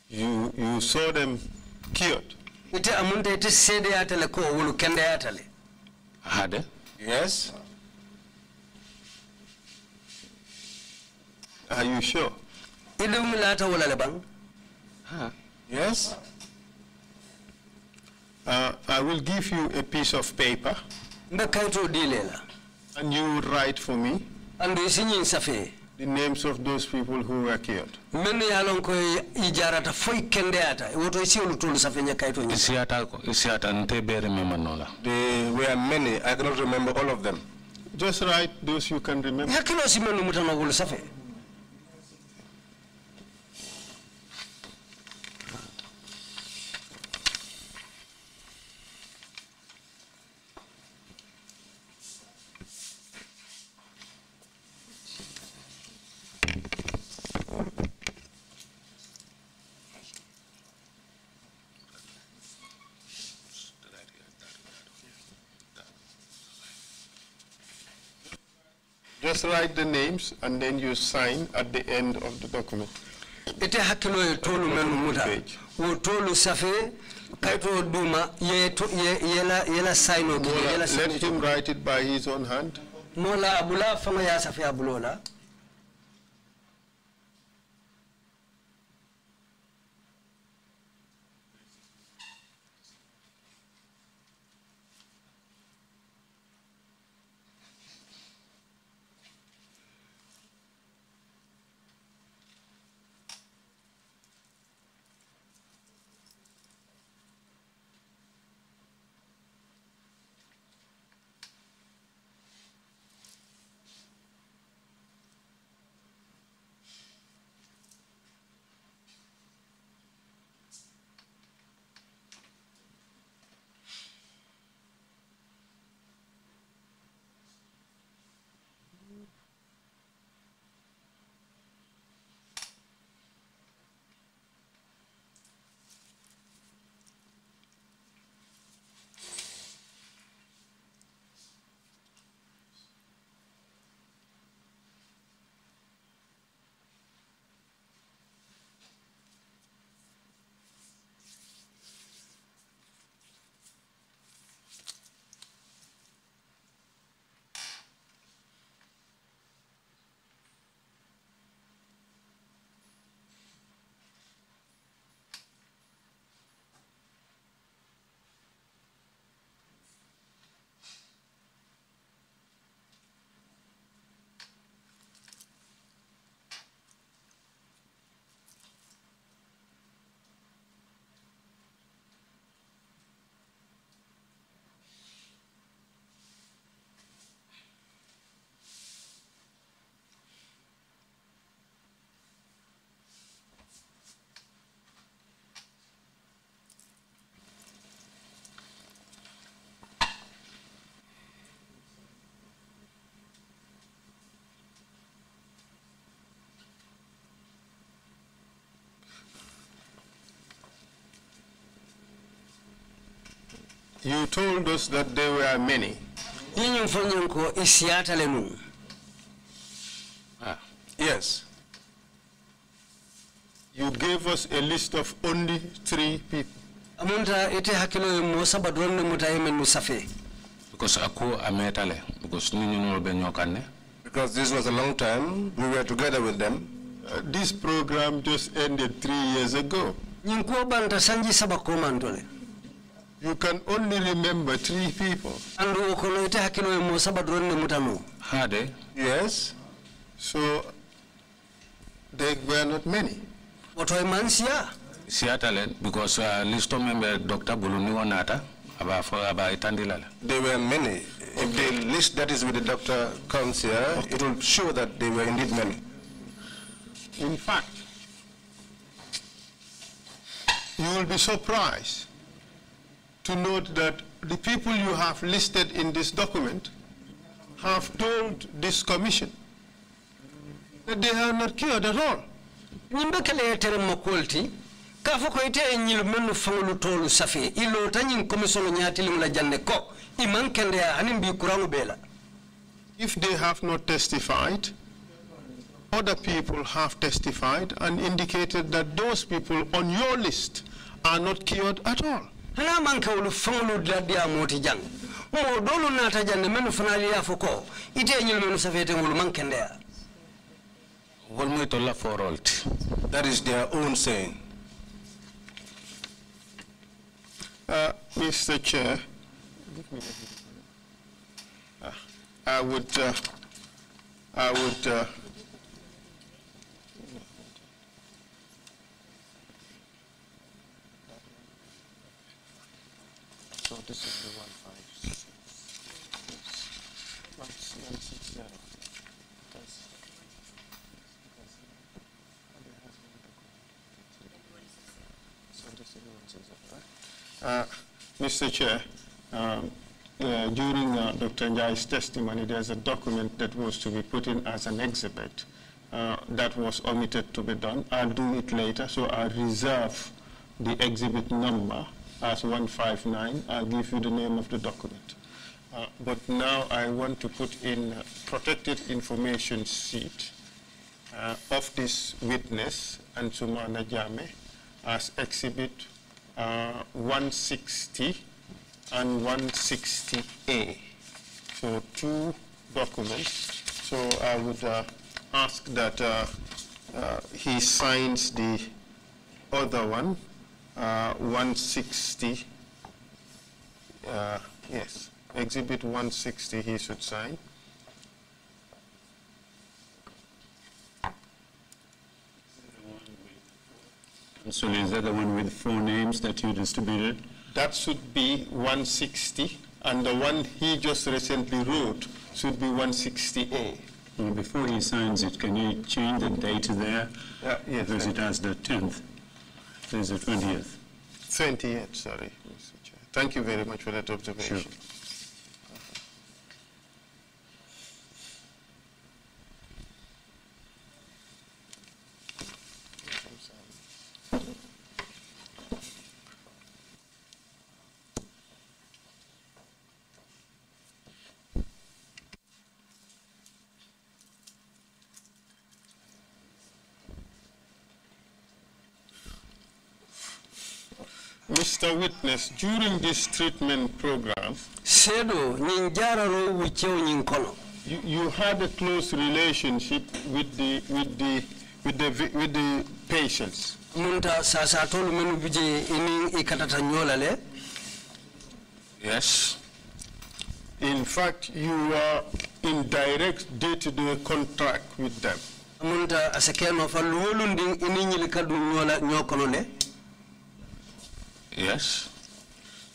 You you saw them cured. Ite amunde ite sede atale ko wulu kende atale. Ade. Yes. Are you sure? Ilumilata wala le bang? Huh. Yes. Uh, I will give you a piece of paper. And you write for me. And the names of those people who were killed. There were many. I cannot remember all of them. Just write those you can remember. Just write the names and then you sign at the end of the document. hakilo ye tolu menu muda. Wo tolu kaito duma ye to ye sign o sign. Let him write it by his own hand. Mola abula ya abulola. You told us that there were many. Ah, yes. You gave us a list of only three people. ite hakilo Because ametale because Because this was a long time we were together with them. Uh, this program just ended three years ago. sanji you can only remember three people. Andu okoloite hakilo emo sabadron ne mutano. Hade. Yes. So they were not many. I mansia. Siatalen because uh, listo member Dr. Buluni Wanata aba for aba itandilala. There were many. Okay. If the list that is with the doctor comes here, okay. it will show that they were indeed many. In fact, you will be surprised to note that the people you have listed in this document have told this commission that they have not cured at all. yetere kafu ite menu fangulu tolu safi, ilo ko, ya bela. If they have not testified, other people have testified and indicated that those people on your list are not cured at all hana manka wulu moti jang mo dolu nata fanali ya foko ite nyul safete forolt that is their own saying uh, mr chair ah, i would uh, i would uh, Uh, Mr. Chair, um, uh, during uh, Dr. Njai's testimony, there's a document that was to be put in as an exhibit uh, that was omitted to be done. I'll do it later, so I reserve the exhibit number as 159. I'll give you the name of the document. Uh, but now I want to put in protected information sheet uh, of this witness, Ansuma Najame, as exhibit uh, 160 and 160A. So two documents. So I would uh, ask that uh, uh, he signs the other one uh, 160, uh, yes, exhibit 160 he should sign. So is that the one with four names that you distributed? That should be 160, and the one he just recently wrote should be 160A. Well, before he signs it, can you change the date there? Uh, yes. Because it has the 10th. Tuesday, 20th. 28th, sorry, Thank you very much for that observation. Sure. witness during this treatment program, You, you had a close relationship with the with the with the with the patients. Munta sasa tolu menu ini ikatata Yes. In fact, you were in direct day-to-day -day contact with them. Munta ini nyola nyokono le. Yes.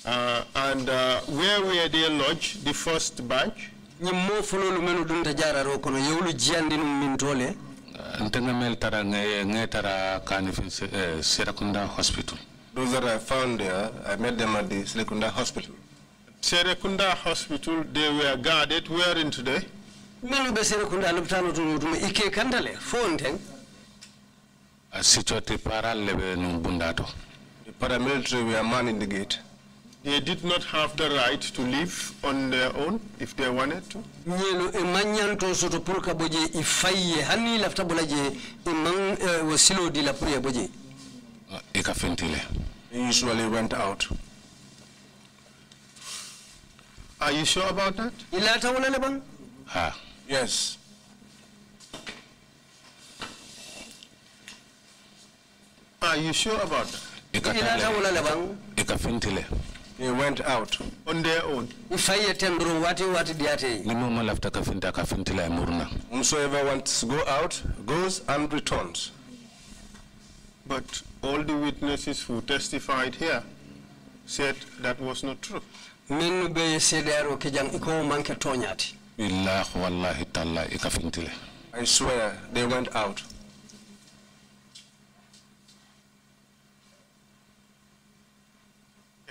Uh, and uh, where were they lodged, the first batch? ñimmo fulolu menu dun ta jararo kono yewlu jiyandi num uh, tara tara eh, serakunda hospital those that i found there i met them at the serakunda hospital serakunda hospital they were guarded where in today melu be serakunda lopitano to dum ikke kandale fo nteng uh, situati paral lebe bundato paramilitary were manning the gate. They did not have the right to live on their own if they wanted to. Nyelu emanyan to soto purka boje ifaye hani lafta bolaje emang wasilo di lapuya boje. Ah, Eka fentile. Usually went out. Are you sure about that? Ilata wala bang. Ha. Yes. Are you sure about that? He went out on their own. Whosoever wants to go out goes and returns. But all the witnesses who testified here said that was not true. min be sedero kijang iko manke tonyati billahi wallahi talla ikafintile i swear they went out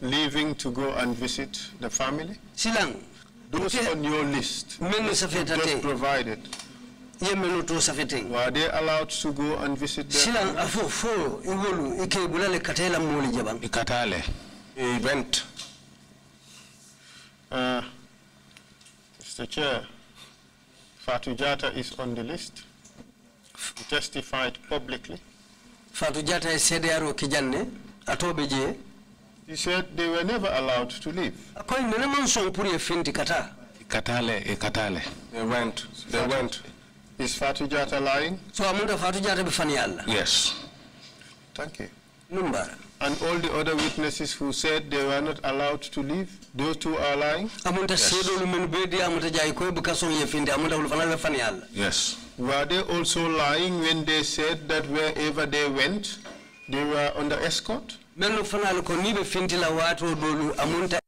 leaving to go and visit the family? Silang. Those on your list just provided. Were they allowed to go and visit them? Silang afo fo ingolu ike bulale mole Ikatale. Event. Uh, Mr. Chair, Fatu Jata is on the list. He testified publicly. Fatu Jata is sedero kijane atobeje. He said they were never allowed to leave. They went. They went. Is Fatu lying? So I Amunda Fatu Jata Bifanial? Yes. Thank you. Number. And all the other witnesses who said they were not allowed to leave, those two are lying? Amunda Sedo Lumenbedi, Amunda Jaiko, Bukaso Yefindi, Amunda Ulfanal Bifanial? Yes. Were they also lying when they said that wherever they went, they were under escort? be fintila wato dolu amunta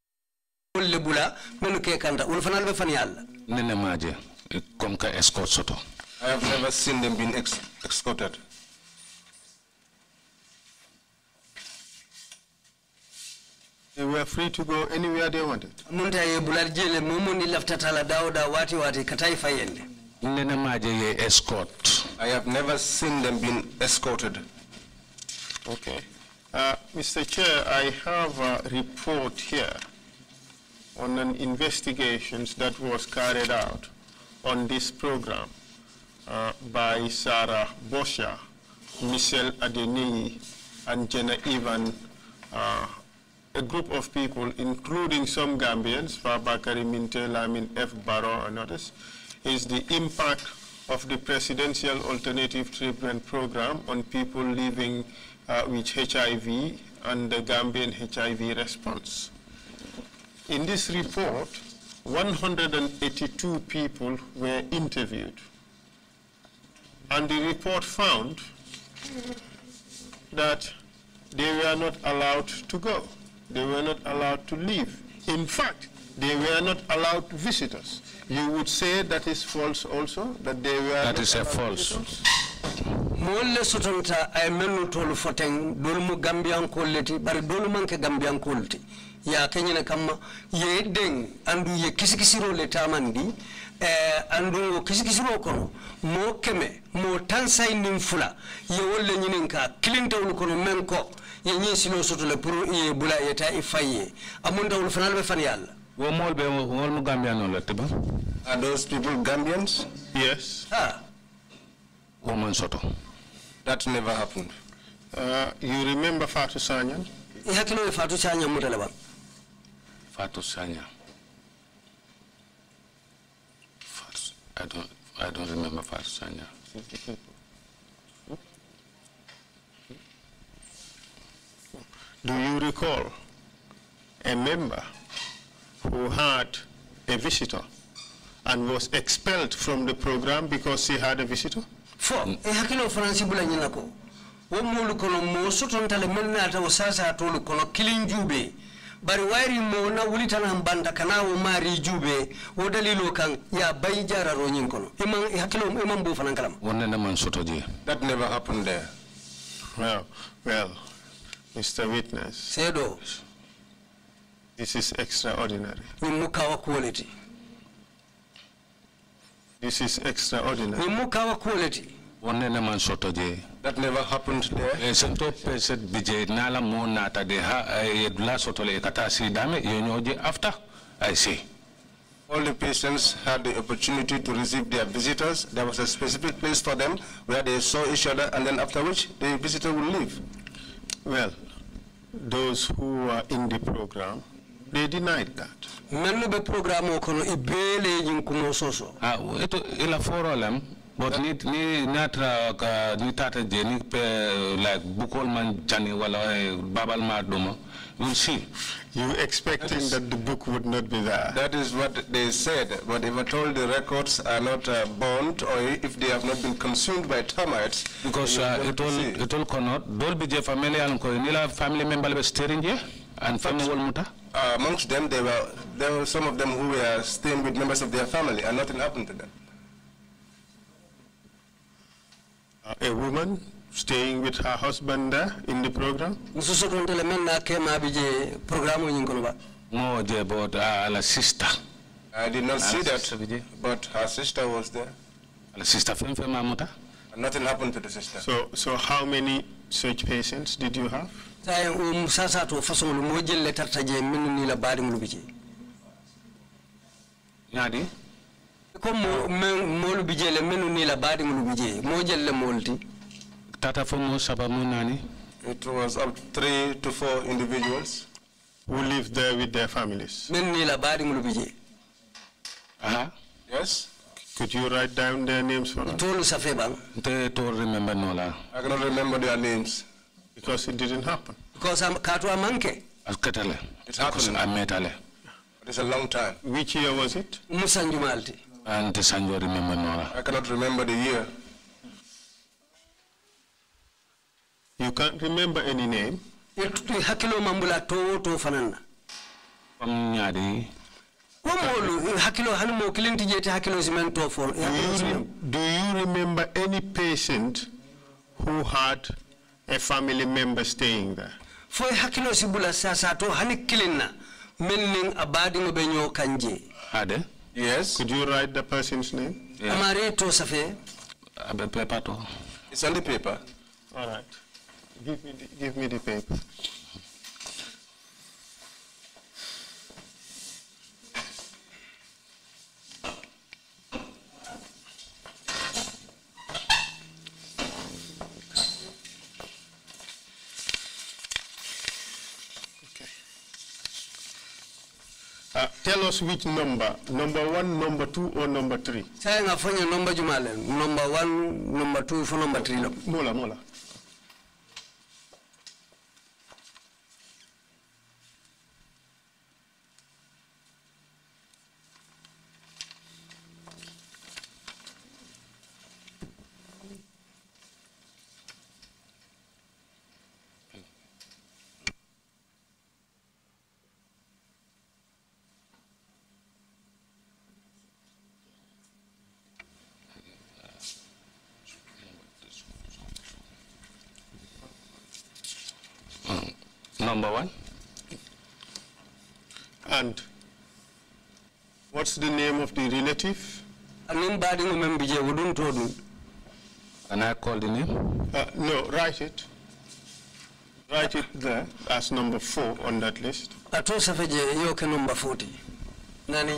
le bula ke wol be nene maje comme ka escort soto i have never seen them being ex escorted They were free to go anywhere they wanted. ye mumu ni dauda wati wati katai fayende. Nene maje ye escort. I have never seen them being escorted. Okay. Uh, Mr. Chair, I have a report here on an investigations that was carried out on this program uh, by Sarah Bosha, Michelle Adeniyi, and Jenna Ivan, uh, a group of people, including some Gambians, Fabakari Minte, Lamin F. Barrow, and others, is the impact of the Presidential Alternative Treatment Program on people living uh, with HIV and the Gambian HIV response. In this report, 182 people were interviewed. And the report found that they were not allowed to go. They were not allowed to leave. In fact, they were not allowed visitors. You would say that is false also, that they were That is a false. Visitors? moolu le sotonta ay eh, ye mennu toolu foteŋ doolu mu gambiyankoolu le ti bari doolu maŋ ke gambiyankoolu ti ye a ke ñene kamma ye deŋ andu ye kisikisiroo le taamandi eh, andu wo kisikisiroo kono moo keme moo tansayi niŋ fula ye wolu le ñiniŋ ka kilintewolu kono meŋ ko ye ñiŋ siloo soto le pour ye bula ye taa i fayi ye amunta wolu fanaŋ le be faniyaa la wo moolu be wolu mu gambiyanoo le ti ba are those people gambians yes ah Oman Soto. That never happened. Uh, you remember Fatu Sanya? Fatu Fatu I don't, I don't remember Fatu Sanya. Do you recall a member who had a visitor and was expelled from the program because he had a visitor? fo e hakkilo faransi bula ñina ko wo moolu kono moo sotontale men naata wo sasatolu kono kilin juube bari wayri mo na wulitanan banda kana wo maari juube wo dalilo kan ya bayi jararo ñin kono iman e hakkilo iman bo fanan kalama wonne ne man soto that never happened there well well mr witness seedo this is extraordinary min mukkawa kuwoleti this is extraordinary. quality. One That never happened there. Eh, eh, nala eh, after. I see. All the patients had the opportunity to receive their visitors. There was a specific place for them where they saw each other, and then after which the visitor would leave. Well, those who were in the program they denied that. Menno be programme kono e beele jin kuno soso. Ah, eto ila forolem but ni ni natra ka ni tata je ni pe like bukol man jani wala babal ma duma. We'll see. You expecting that, is, that the book would not be there. That is what they said. But if at all the records are not uh, burned or if they have not been consumed by termites, because uh, it all see. it all cannot. Dol be je family and ko ni la family member be steering je and family wal muta uh, amongst them, there were, there were some of them who were staying with members of their family and nothing happened to them. Uh, a woman staying with her husband in the program? No, they about her sister. I did not see that, but her sister was there. Her sister, from my mother? And nothing happened to the sister. So, so how many such patients did you have? Um, Nadi? It was up to three to four individuals who lived there with their families. Uh -huh. Yes. Could you write down their names for us? Don't remember Nola. I cannot remember their names. Because it didn't happen. Because I'm Katwa Manke. It happened. I met Ale. It's a long time. Which year was it? Musanjumalti. And Sanjo remember Nola. I cannot remember the year. You can't remember any name? Hakilo hakilo jeti hakilo for. Do you remember any patient who had a family member staying there? For hakilo sibula sasa to hani kilina menning abadi kanje. Ade? Yes. Could you write the person's name? Yeah. Amare to safe. Abe paper to. It's on the paper. All right. Give me the, give me the paper. Uh, tell us which number, number one, number two, or number three. Saya ngafanya number jumale, number one, number two, for number three. Mola, mola. And i called the name uh, no write it write it there as number 4 on that list ato safaje yo number 40 nani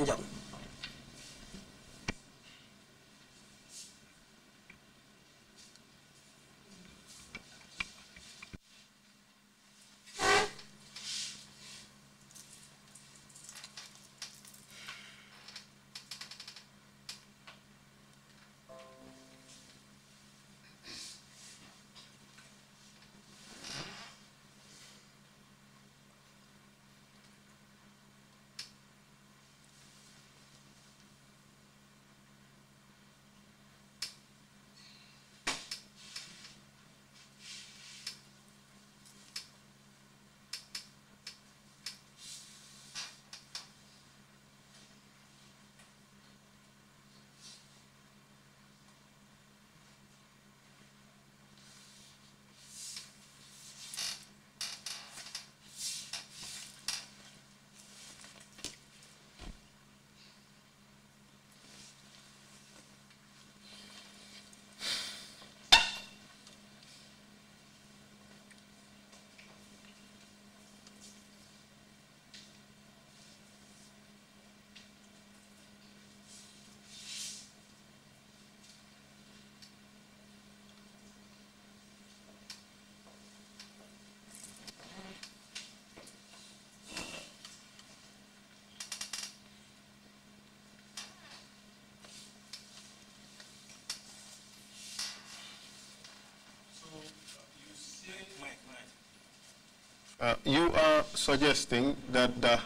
Uh, you are suggesting that the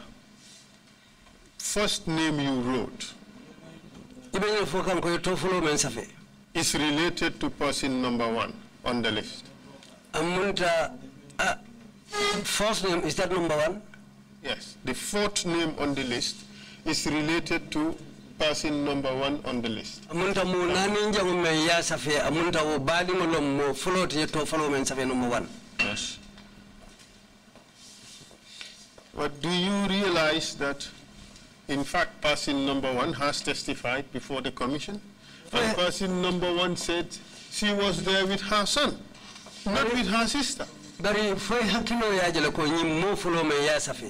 first name you wrote is related to person number one on the list. Amunta, uh, ah, first name, is that number one? Yes. The fourth name on the list is related to person number one on the list. Amunta mu nani nja umeya amunta ubali mulo mu follow to follow men number one. Yes. But do you realize that, in fact, person number one has testified before the commission? And person number one said she was there with her son, not with her sister. bari foy hakkilo yaajala ko ñim mo fulo me yasafe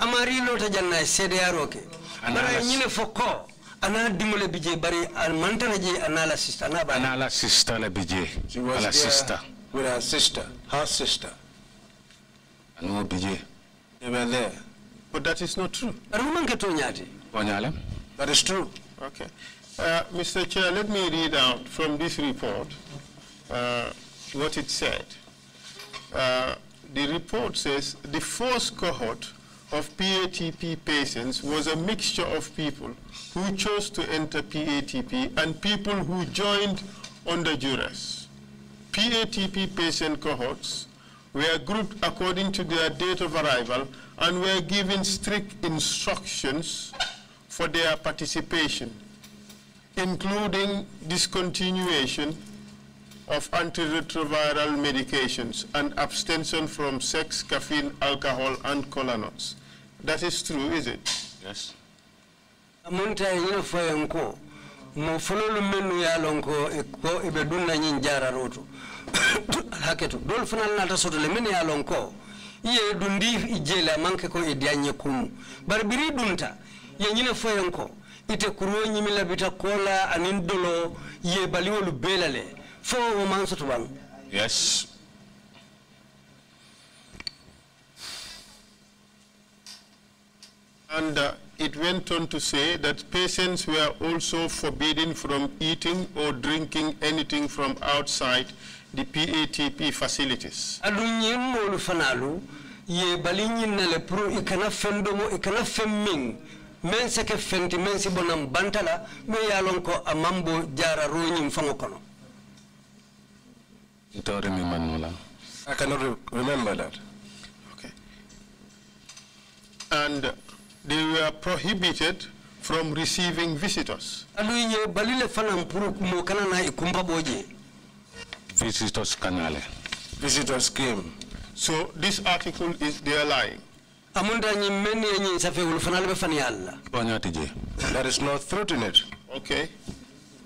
amari lota janna sede yaroke bari ñine fokko ana dimole bije bari mantana je anala sister na ba anala sister la bije she was there sister with her sister her sister anu bije they were there. But that is not true. That is true. Okay. Uh, Mr. Chair, let me read out from this report uh, what it said. Uh, the report says the first cohort of PATP patients was a mixture of people who chose to enter PATP and people who joined under duress. PATP patient cohorts were grouped according to their date of arrival and were given strict instructions for their participation, including discontinuation of antiretroviral medications and abstention from sex, caffeine, alcohol, and cola nuts. That is true, is it? Yes. Munta yofo yanko, mofololu ebe haketo dol soto le min ya dundi manke ko e dianye barbiri dunta ye ite kuro nyimi labita kola ye belale fo o man soto bang yes And uh, it went on to say that patients were also forbidden from eating or drinking anything from outside the PATP facilities. ye bali i kana kana fenti si ko mi la I cannot remember that. Okay. And they were prohibited from receiving visitors. Alu ye mo kana na boje. Visitors Canale. Visitors came. So this article is their lying. there is no truth in it. Okay.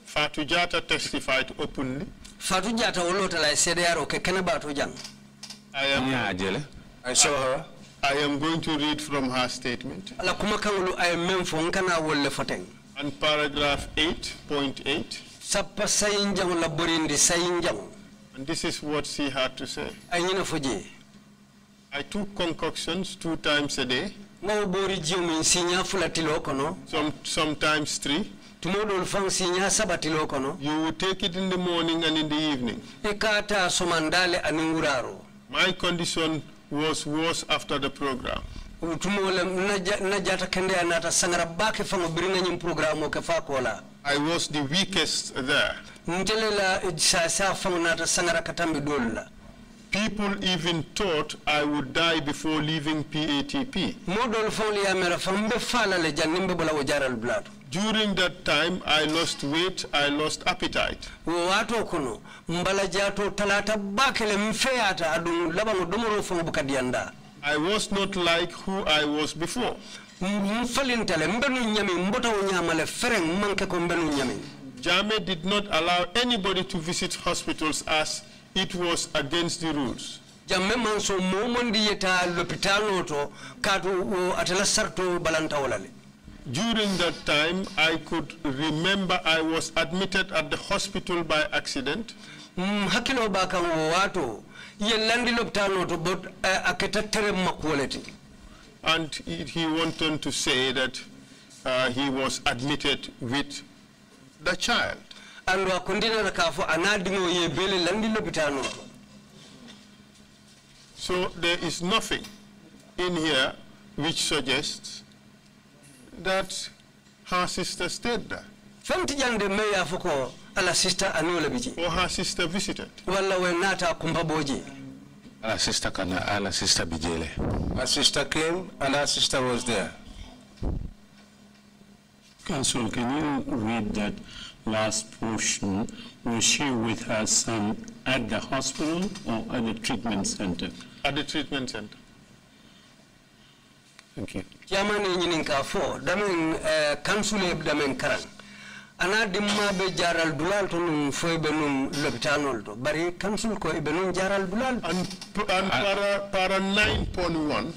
Fatu testified openly. Fatu Jata olotala sedero ke kenabatu jang. I am. I saw her. I am going to read from her statement. I am And paragraph 8.8. Sapa sayinjang laborindi sayinjang. And this is what she had to say. I took concoctions two times a day. Some, sometimes three. You would take it in the morning and in the evening. My condition was worse after the program. I was the weakest there sangara katambi People even thought I would die before leaving PATP. During that time, I lost weight, I lost appetite. I was not like who I was before. Jame did not allow anybody to visit hospitals as it was against the rules. Jame manso so momondi yeta l'hôpital to kato atala sarto balanta walale during that time i could remember i was admitted at the hospital by accident mm hakilo ba kan wato yellandi l'hôpital to bot eh, aketattere makwaleti and he went on to say that uh, he was admitted with the child. And wakundina kafu anadingo ye landilo bitano. So there is nothing in here which suggests that her sister stayed there. Femti jande meya fuko ala sister anole biji. Or her sister visited. Wala wenata kumbaboji. Her sister kana, ala sister bijele. Her sister came and her sister was there. Council, can you read that last portion? Was she with her son at the hospital or at the treatment center? At the treatment center. Thank you. Chairman Nyininka fo damen eh, council e damen karan ana dimma be jaral dulal to num foy be num l'hôpital to bari council ko e jaral dulal and para para 9.1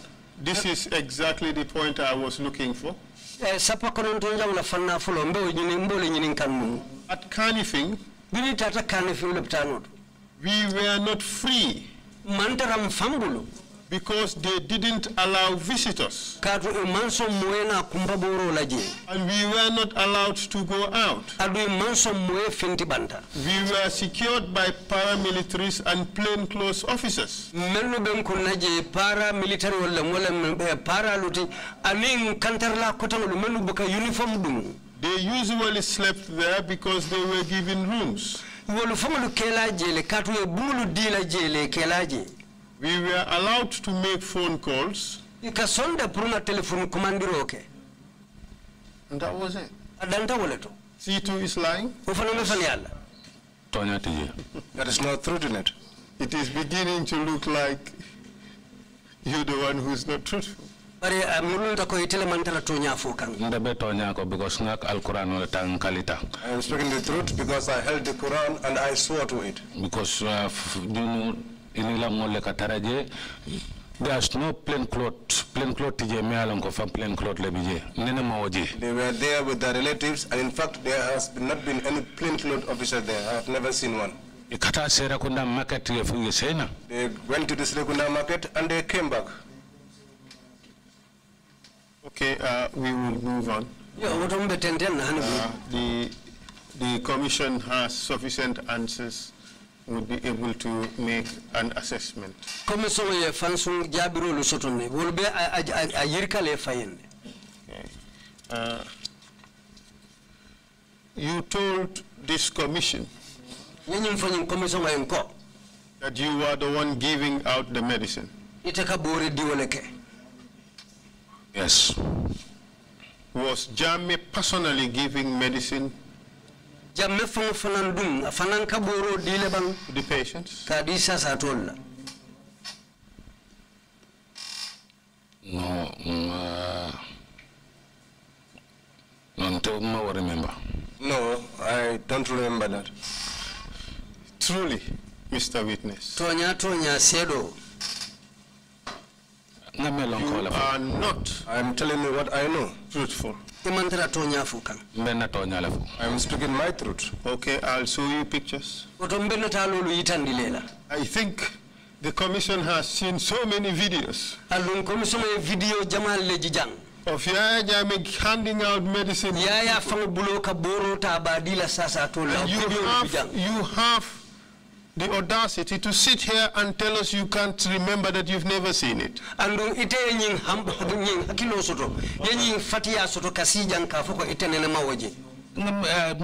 this is exactly the point i was looking for Eh, sapa at kanifing bini tata kanifing le ptano we were not free mantaram fambulu because they didn't allow visitors. And we were not allowed to go out. We were secured by paramilitaries and plainclothes officers. They usually slept there because they were given rooms we were allowed to make phone calls. send a pruna telephone okay. And that was it. Adanta woleto. C2 is lying. Ufanome fanyala. Tonya tije. That is not true it. It is beginning to look like you're the one who is not truthful. Bari amulunta ah, ko itele mantara tonya fukan. Ndabe tonya ko because ngak Al-Quran wala tang kalita. I am speaking the truth because I held the Quran and I swore to it. Because uh, you know ilila ngolle kataraje there's no plain clothes plain clothes je me alon ko fam plain clothes le bije nene ma woji they were there with their relatives and in fact there has not been any plain clothes officer there i have never seen one ikata serakunda market ye fuge sena they went to the serakunda market and they came back okay uh, we will move on uh, the the commission has sufficient answers would be able to make an assessment. Komisolo ye a You told this commission Yenyum that you were the one giving out the medicine. Yes. Was Jamie personally giving medicine jamme fanan fanan the patients kadisa no no remember uh, no i don't remember that truly mr witness tonya tonya sedo you are not i'm telling you what i know truthful temantara tonya fukan mbenna i'm speaking my truth okay i'll show you pictures oto mbenna ta lolu yitandilela i think the commission has seen so many videos alun commission e video jamal leji jang of Yaya Jammeh handing out medicine. Yaya fang bulo ka boro ta badila sasa to you have the audacity to sit here and tell us you can't remember that you've never seen it. And ite ying ham ying hakilo soto ying fatia soto kasi janka foko ite nene mawaje. Uh,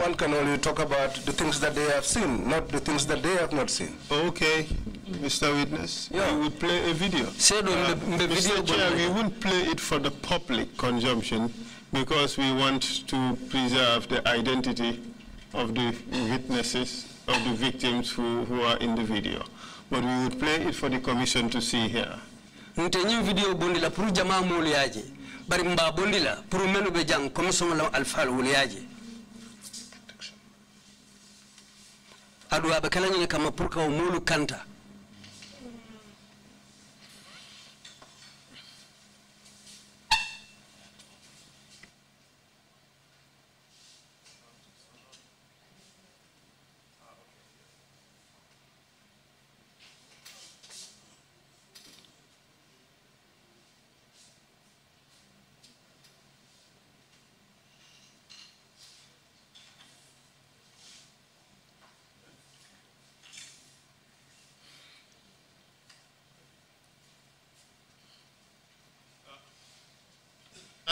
One can only talk about the things that they have seen, not the things that they have not seen. Okay. Mr. Witness, yeah. we will play a video. Uh, Mr. Chair, we won't play it for the public consumption because we want to preserve the identity of the witnesses, of the victims who, who are in the video. But we would play it for the commission to see here. Ntenyi video bondila puru jamaa muliaje. Bari mba bondila puru menu bejang commission la alfal uliaje. Adu abakala nyinga kama purka umulu kanta.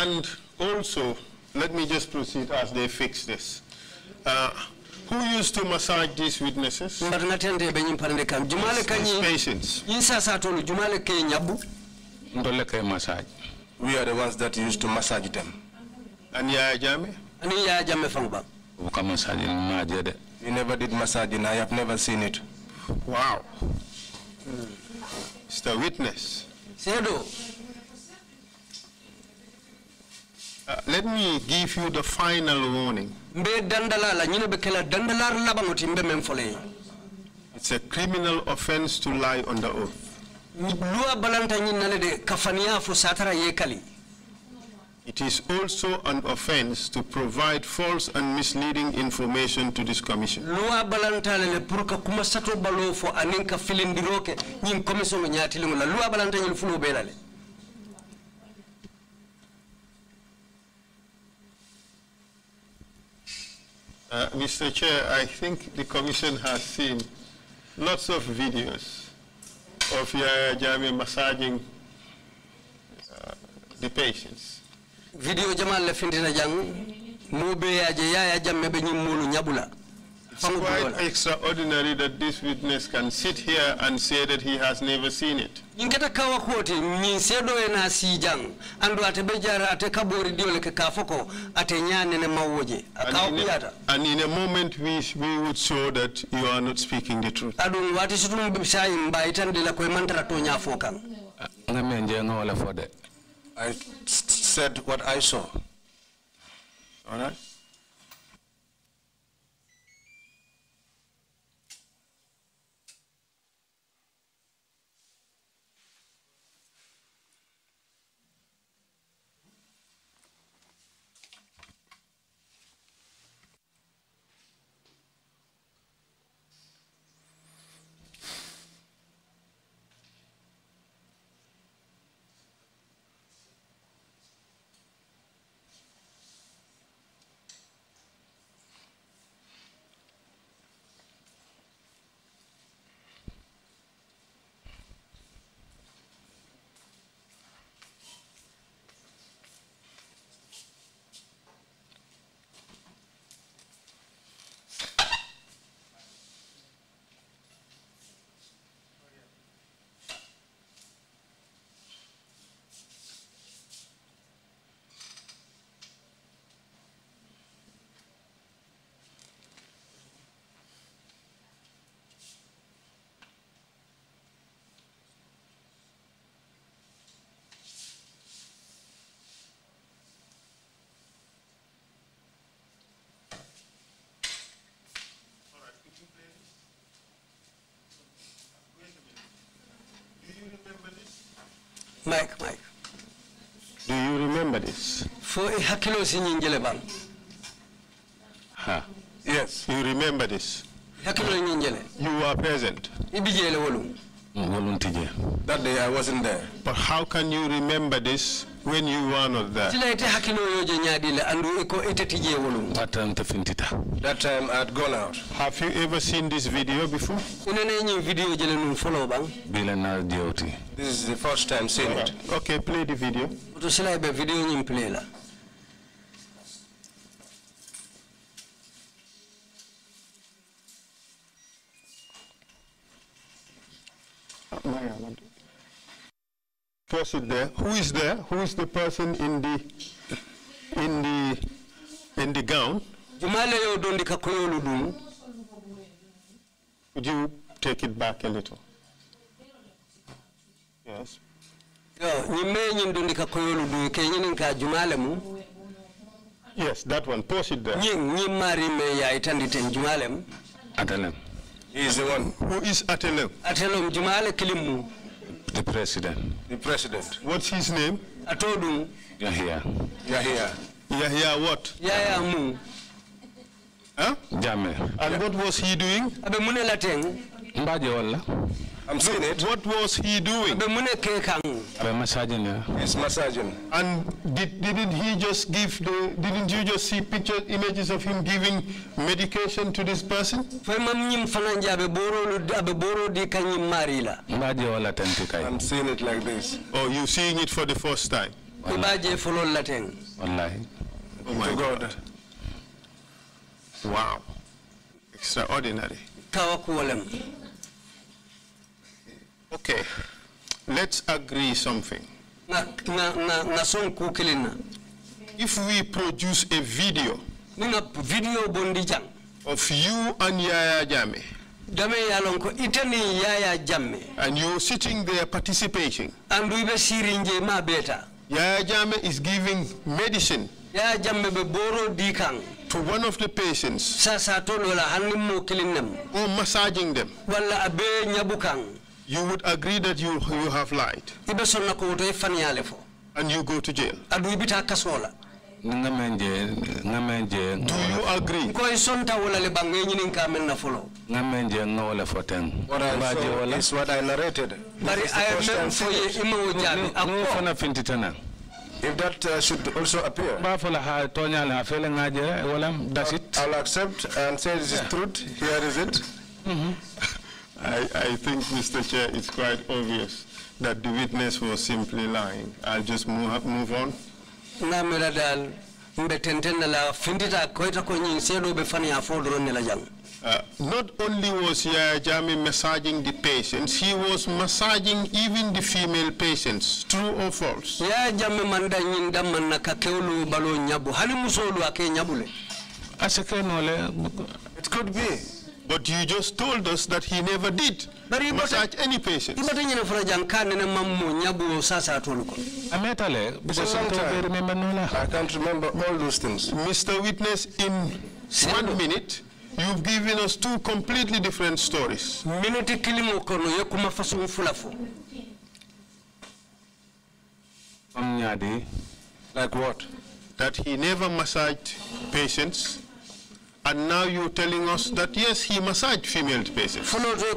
and also, let me just proceed as they fix this. Uh, who used to massage these witnesses? patients. We are the ones that used to massage them. And Yaya You never did massaging. I have never seen it. Wow. Mm. witness. Uh, let me give you the final warning. It's a criminal offense to lie on the oath. It is also an offense to provide false and misleading information to this commission. commission Uh, Mr. Chair, I think the Commission has seen lots of videos of Yaya Jame massaging uh, the patients. Video jamal lefindina jang, mube yaje Yaya Jame benyi mulu nyabula. It's quite extraordinary that this witness can sit here and say that he has never seen it. Ingeta kawa kote ena sijang andu atebejara atekabori diole kekafoko atenyane ne mawoje And in a moment we we would show that you are not speaking the truth. Adu wati sutum bisai mbaitan dela kwe mantra tonya fode. I said what I saw. All right. Mike, Mike. Do you remember this? For Hakilosi Ninjeleban. Huh. Yes. You remember this? Hakilo Ninjele. You were present. Ibijele Wolum. Mm, that day I wasn't there. But how can you remember this when you were not there. That time That time I had gone out. Have you ever seen this video before? This is the first time seeing right. it. Okay, play the video. Oh, yeah, person there. Who is there? Who is the person in the in the in the gown? Jumale yodundi kakoyoludu. Would you take it back a little? Yes. Yo, nime yodundi kakoyoludu kenyini ka jumale mu. Yes, that one. Post it there. Nimari me ya itandite jumale mu. Atalem. He is the one. Who is Atalem? Atalem jumale kilimu. The president. The president. What's his name? here. You're here. what? Yahya Mu. Huh? Jame. And yeah. what was he doing? Abe munela teng. Mbaje wala. I'm saying it. What was he doing? The are massaging her. He's massaging. And did, didn't he just give the, didn't you just see pictures, images of him giving medication to this person? I'm seeing it like this. Oh, you're seeing it for the first time? Online. Online. Oh my God. Wow. Extraordinary. Okay, let's agree something. If we produce a video video of you and Yaya Jame, and you're sitting there participating. And we were seeing Jema better. Yaya Jame is giving medicine. Yaya Jame be boro dikang. To one of the patients. Sasa sa to lola hanim mo Or massaging them. Wala abe nyabukang you would agree that you you have lied. And you go to jail. Adu ibita kaswola. Nga menje nga menje. Do you agree? Ko isonta wala le What I saw is what I narrated. I am for ye If that uh, should also appear. I'll accept and say this is truth. Here is it. Mm -hmm. I, think, Mr. Chair, it's quite obvious that the witness was simply lying. I'll just move, move on. Namira dal mbe la findita koita ko nyin sedo afodro la jang. Uh, not only was Yaya Jami massaging the patients, he was massaging even the female patients, true or false. Ya Jami manda nyinda manna kakeulu balo nyabu, hali musolu ake nyabule. Asekenole, it could be. But you just told us that he never did massage any patients. I can't remember all those things. Mr. Witness, in one minute, you've given us two completely different stories. Like what? That he never massaged patients. And now you're telling us that yes, he massaged female patients. Eh, eh,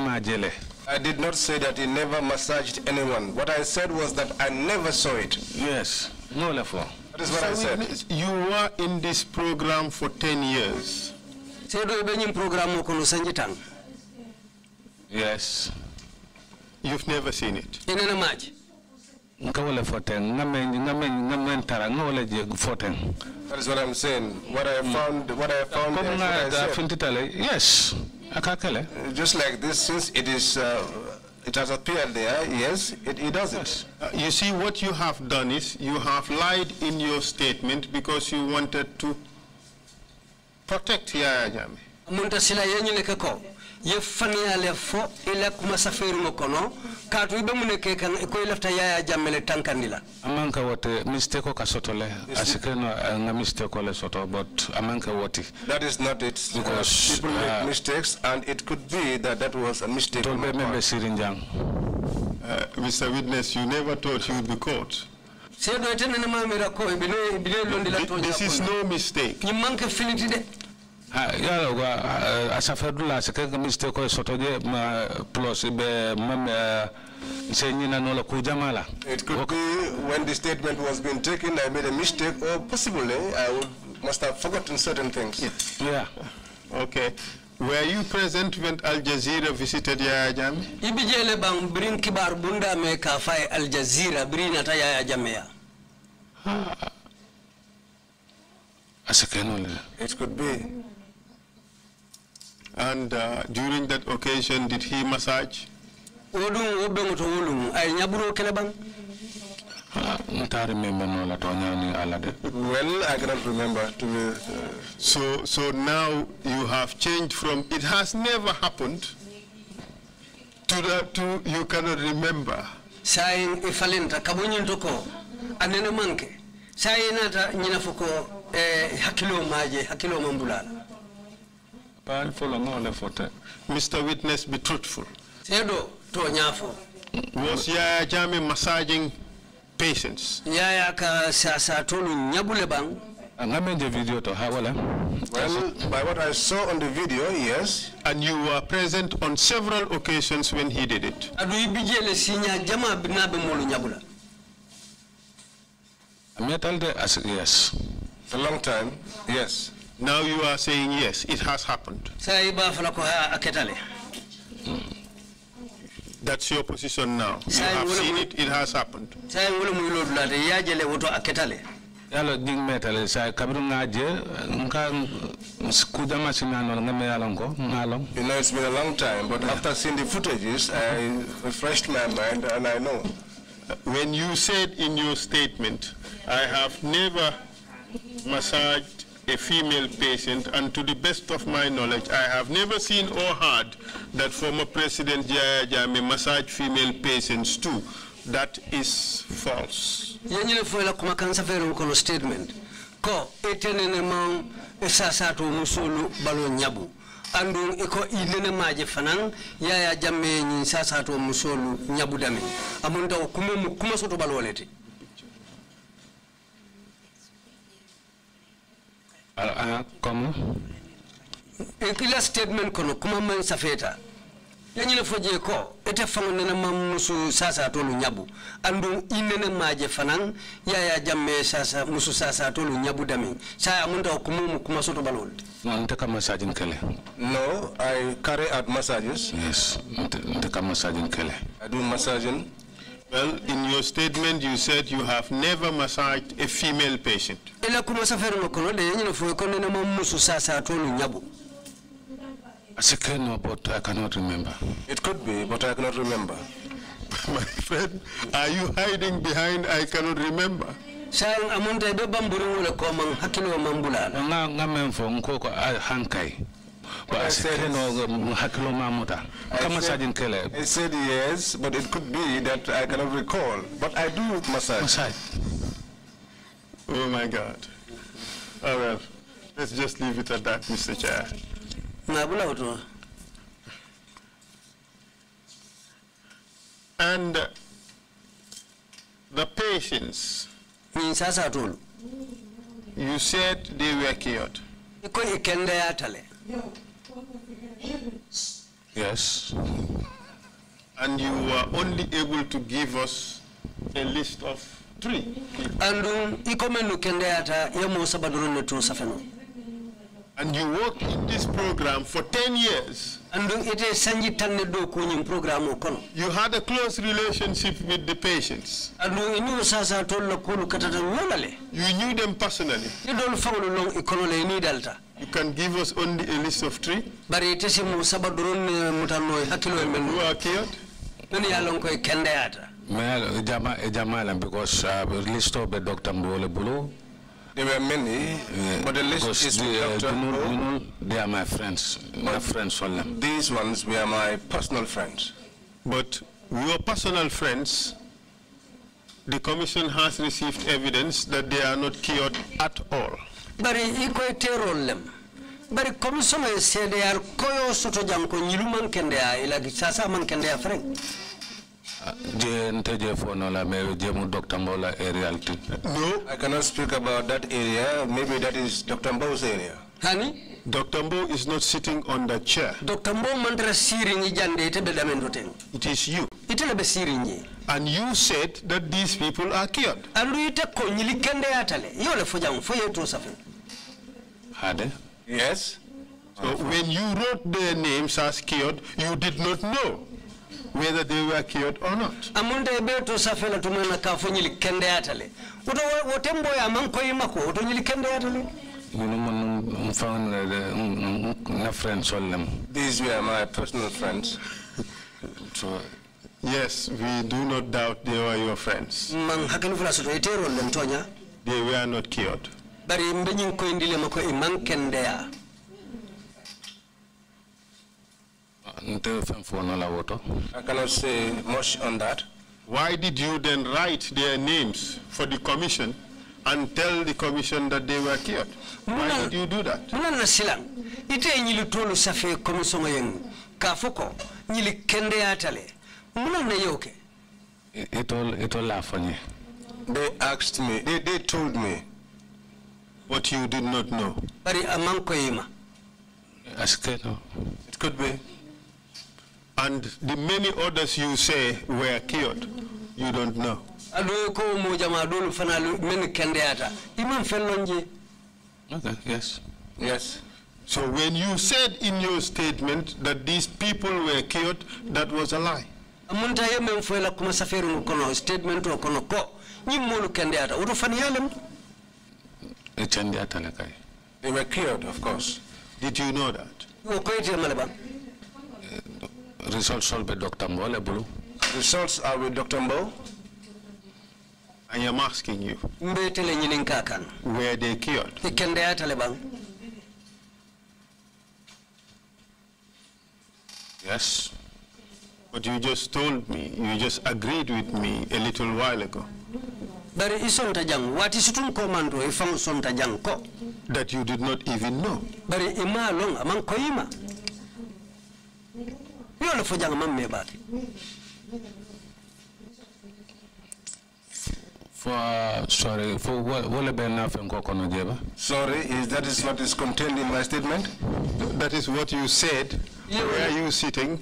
eh, I did not say that he never massaged anyone. What I said was that I never saw it. Yes. No, Lefo. That is what so I said. You were in this program for 10 years. Yes. You've never seen it. in Enena maji. Ngawale foten, ngamen ngamen ngamen tara ngawale je foten. That is what I'm saying. What I found, what I found. Kung nga da fintitale, yes, akakale. Just like this, since it is. Uh, it has appeared there, yes, it, it doesn't. Uh, you see, what you have done is you have lied in your statement because you wanted to protect Yaya Jami ye faniyale fo ila kuma safeeruŋo kono kaatu i be mu ne ke kan ko i lafita yaaya tankandi la a wote misteko ka soto le a si ke no le soto but amanka maŋ that is not it because uh, people make uh, mistakes and it could be that that was a mistake tol be meŋ be uh, Mr. Witness, you never thought you would be caught. This is no mistake. Ah, yala kwa asafari ah, ah, dula sikeka kwa sotoje plus eh be mame eh, senyina nola kujamala it could be when the statement was being taken i made a mistake or possibly i would, must have forgotten certain things yes. yeah okay Were you present when Al Jazeera visited Yaya Jame? Ibijele bang brin kibar bunda me kafai Al Jazeera brin ata Yaya Jame ya. le. It could be. And uh, during that occasion, did he massage? Ah, well, I cannot remember to me. Uh, so, so now you have changed from it has never happened to that to you cannot remember. Sain ifalenta kabunyin toko anene manke sainata nyinafuko eh, hakilo maje hakilo mambulala. Eh? Mr. Witness, be truthful. Sedo to Was ya jami massaging patients? Ya the video to hawala. Eh? Well, by what I saw on the video, yes. And you were present on several occasions when he did it. Adu ibijele sinya jama as yes. For a long time, yes. Now you are saying yes, it has happened. Hmm. That's your position now. You have seen it, it has happened. yalo ding metale sa kabiru ngaje nka skuda masina no ngame you know it's been a long time but yeah. after seeing the footages i refreshed my mind and i know when you said in your statement i have never massaged a female patient, and to the best of my knowledge, I have never seen or heard that former President Jaya Jame massaged female patients too. That is false. statement. Ko etenene mang esasatu musulu balo nyabu. Andung iko ilene maje fanang yaya jamme nyi sasatu musulu nyabu dame. Amunda kumu kumasoto balolete. Ah, ah, eh, a komo statement kono kuma man safeta yañila foje ko ete fango nene mamusu sasa tolu nyabu andu inene maje fanan yaya jamme sasa musu sasa tolu nyabu dami saya munda okumumu kuma soto balol mante kam masajin kele no i carry out massages yes mante kam masajin kele i do massaging well, in your statement, you said you have never massaged a female patient. I can know, but I cannot remember. It could be, but I cannot remember. My friend, are you hiding behind I cannot remember? I said I said yes, but it could be that I cannot recall. But I do massage. Massage. Oh my God. Well, right. Let's just leave it at that, Mr. Chair. And the patients. You said they were cured. Yes. And you were only able to give us a list of three. And you worked in this program for 10 years. And You had a close relationship with the patients. You knew them personally. You don't follow you can give us only a list of three. But it is mu saba duron eh, Who are killed? Nani Well, eh, jama eh, because uh, list of the doctor mbole bulu. There were many, yeah. but the list because is the, uh, Dr. they are my friends, my friends all them. These ones were my personal friends. But your personal friends, the commission has received evidence that they are not cured at all bari iko terol lem bari commission e cdr koyo soto jam ko nyilu man kende ya ila sasa man kende ya freng je nteje fono la mais je mu docteur mbola reality no i cannot speak about that area maybe that is docteur mbow's area hani Dr. Mbo is not sitting on the chair. Dr. Mbo mandra siringi jande ite bedamendoteng. It is you. Ite lebe siringi. And you said that these people are cured. Andu ite konyili kende atale. Yole fujangu fuye tu safin. Hade? Yes. So when you wrote their names as cured, you did not know whether they were cured or not. Amunda ebeto safela tumana kafonyili kende atale. Uto wotembo ya manko yimako, uto nyili kende atale. These were my personal friends. so, yes, we do not doubt they were your friends. They were not killed bari mbe ñing koy ndilema ko i cannot say why did you then write their names for the commission and tell the commission that they were killed why did you do that muna na silang ite ñili tolu safe commission yeng ka foko ñili kendeya tale muna na yoke It it itol itol on you. they asked me they, they told me what you did not know. Bari amam koyima. It could be. And the many others you say were killed, you don't know. Adu ko mo jama dulu fana men kende ata. Imam fellonje. Okay, yes. Yes. So when you said in your statement that these people were killed, that was a lie. Amunta yemem fela kuma saferu kono statement kono ko. Nyimmolu kende ata. Udu fani yalem. They were killed, of course. Did you know that? Uh, results are with Dr. Mbo. Results are with Dr. Mbo. I am asking you. Where they killed? Yes. But you just told me, you just agreed with me a little while ago bari isonta jang wati situn ko mando e fang ko that you did not even know bari ima long amang koyima yo lo fojang mam me For, sorry, for what, what Sorry, is that is what is contained in my statement? That is what you said yeah. where are you sitting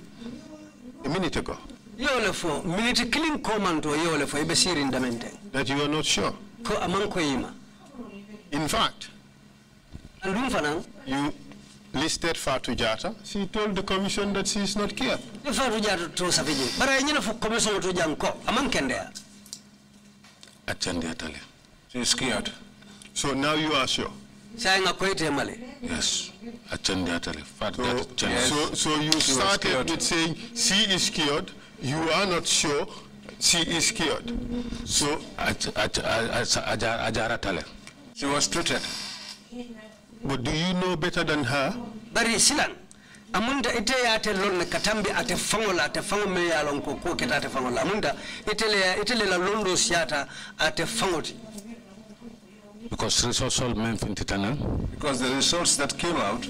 a minute ago yole fo minute killing command to yole fo ibe damente that you are not sure ko aman in fact andum you listed Fatu Jata. She told the commission that she is not here. Fatu Jata to Saviji. But I know for commission to Janko. Among Kendea. Attendee Atale. She is scared. So now you are sure? Saying Akoite Male. Yes. So, so, so you started with saying she is scared you are not sure she is cured. So, she was treated. But do you know better than her? Bari silan. Amunda ite ate lon katambi ate fangola ate fango me ya lon koko keta ate fangola. Amunda itele itele la londo siata ate fangoti. Because results all men fintitana. Because the results that came out.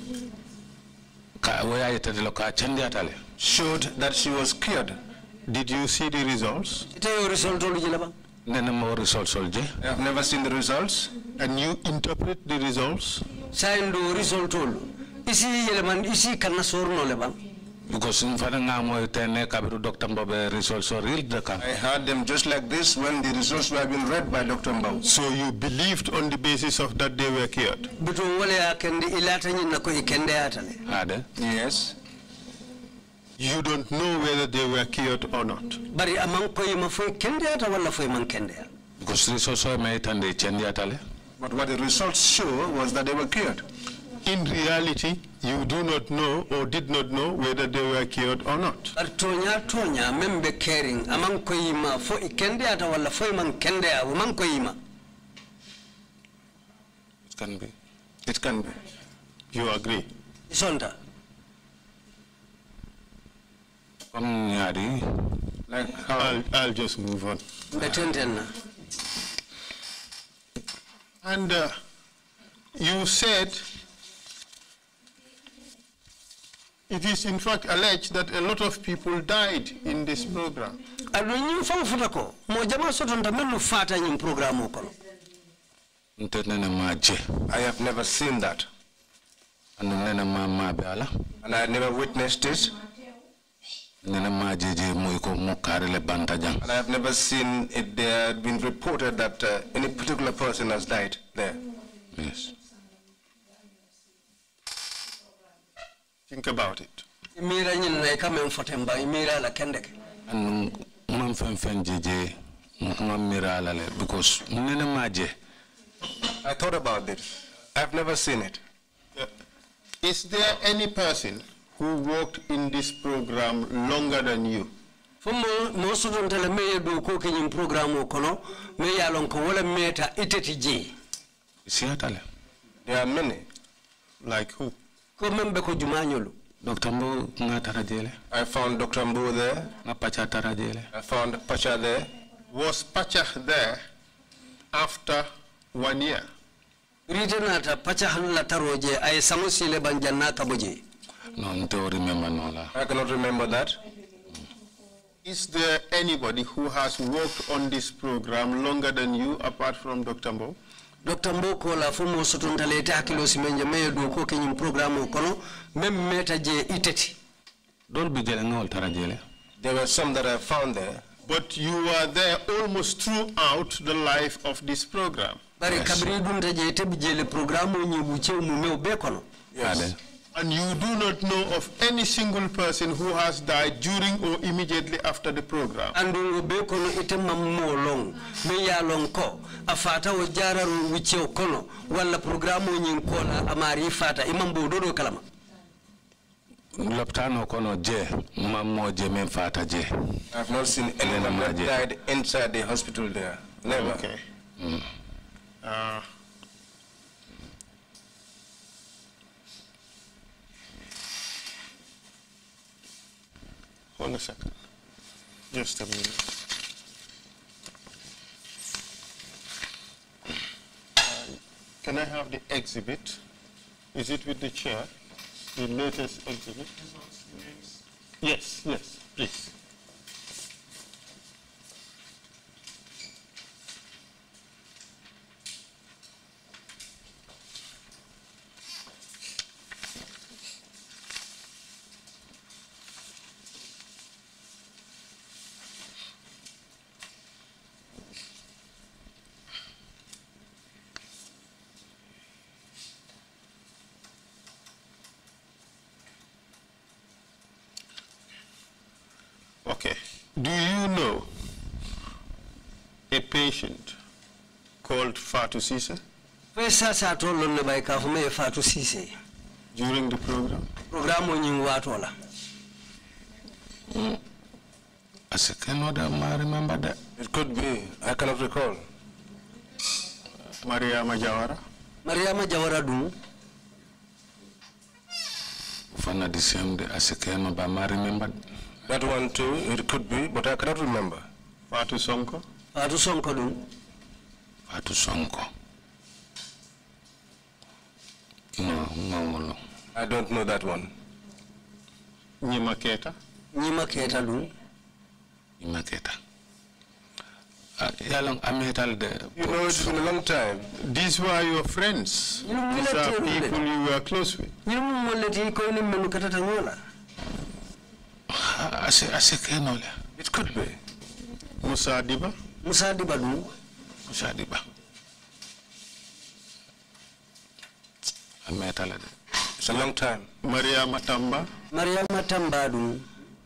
Ka waya ite loka chandi atale. Showed that she was cured. Did you see the results? result Nenamo results solje. I have never seen the results. And you interpret the results? Saindo result olu. Isi yeleman isi kana sorno leban. Because in Fanangamo Tene Kabiru Dr. Mbabe results are real Daka. I heard them just like this when the results were being read by Dr. Mbao. So you believed on the basis of that they were cured? But wale akende ilata nyinako ikende atale. Ade? Yes you don't know whether they were killed or not. Bari amang ko yema fo kende ata wala fo Man kende. Because results and may tande chende atale. But what the results show was that they were killed. In reality, you do not know or did not know whether they were killed or not. Tonya tonya membe caring amang ko yema fo ikende ata wala fo Man kende amang ko It can be. It can be. You agree. Isonda. Mm, like how? I'll, I'll just move on. Attention. And uh, you said it is in fact alleged that a lot of people died in this program. Alunyu fang futako mo jama soto ndamenu fata nyim programu kono. Ntenene maje. I have never seen that. Anunene mama biala. And I never witnessed it. I have never seen it there been reported that uh, any particular person has died there. Yes. Think about it. I thought about this. I've never seen it. Is there any person who worked in this program longer than you. Fomo no sudon tala meye do ko kenyin program o kono me ya lon ko wala meta iteti je. Siatale. There are many like who? Ko membe ko jumanyolo. Dr. Mbo ngatara jele. I found Dr. Mbo there. Na tara jele. I found Pacha there. Was Pacha there after one year? Ritenata Pacha hanla taroje ay samusile banjanna kaboje. No, I don't remember no. I cannot remember that. Is there anybody who has worked on this program longer than you, apart from Dr. Mbo? Dr. Mbo kola fumo sotonta leta hakilo simenja meyo duko kenyum programu kono, mem meta je iteti. Don't be jele ngol tara jele. There were some that I found there. But you were there almost throughout the life of this program. Bari kabri dunta je tebi jele programu nyebuche umumeo bekono. Yes. yes. And you do not know of any single person who has died during or immediately after the program. And be kono ite mammo long me ya long ko afata o jara wiche kono wala programu nyin kola amari fata imam bododo kalama loptano kono je mammo je men fata je I've not seen anyone that died inside the hospital there never okay mm. uh, Hold a second. Just a minute. Can I have the exhibit? Is it with the chair? The latest exhibit? Yes, yes, please. patient called Fatu Sise? During the program? Program mm. As I cannot remember that. It could be. I cannot recall. Maria Majawara? Maria Majawara Dum. Fana the same day as I cannot remember. That one too, it could be, but I cannot remember. Fatu Sonko? Fatou Sonko ɗum Fatou Sonko no no. I don't know that one Nyima Keta Nyima Keta ɗum Nyima Keta ah, Yalang Ametal de You know it's been a long time These were your friends These are people you were close with Nyima Moleti ko It could be Musa Adiba Musa Diba dulu. Musa Diba. Ameta lah. It's a long time. Maria Matamba. Maria Matamba dulu.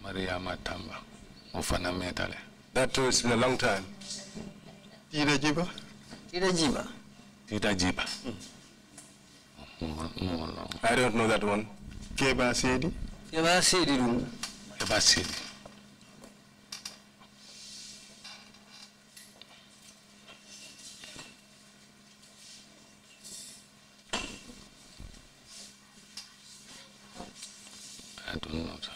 Maria Matamba. Mufana meta lah. That was a long time. Tida Jiba. Tida Jiba. Tida Jiba. Hmm. I don't know that one. Keba Sedi. Keba Sedi dulu. Keba Sedi. Malum Nota.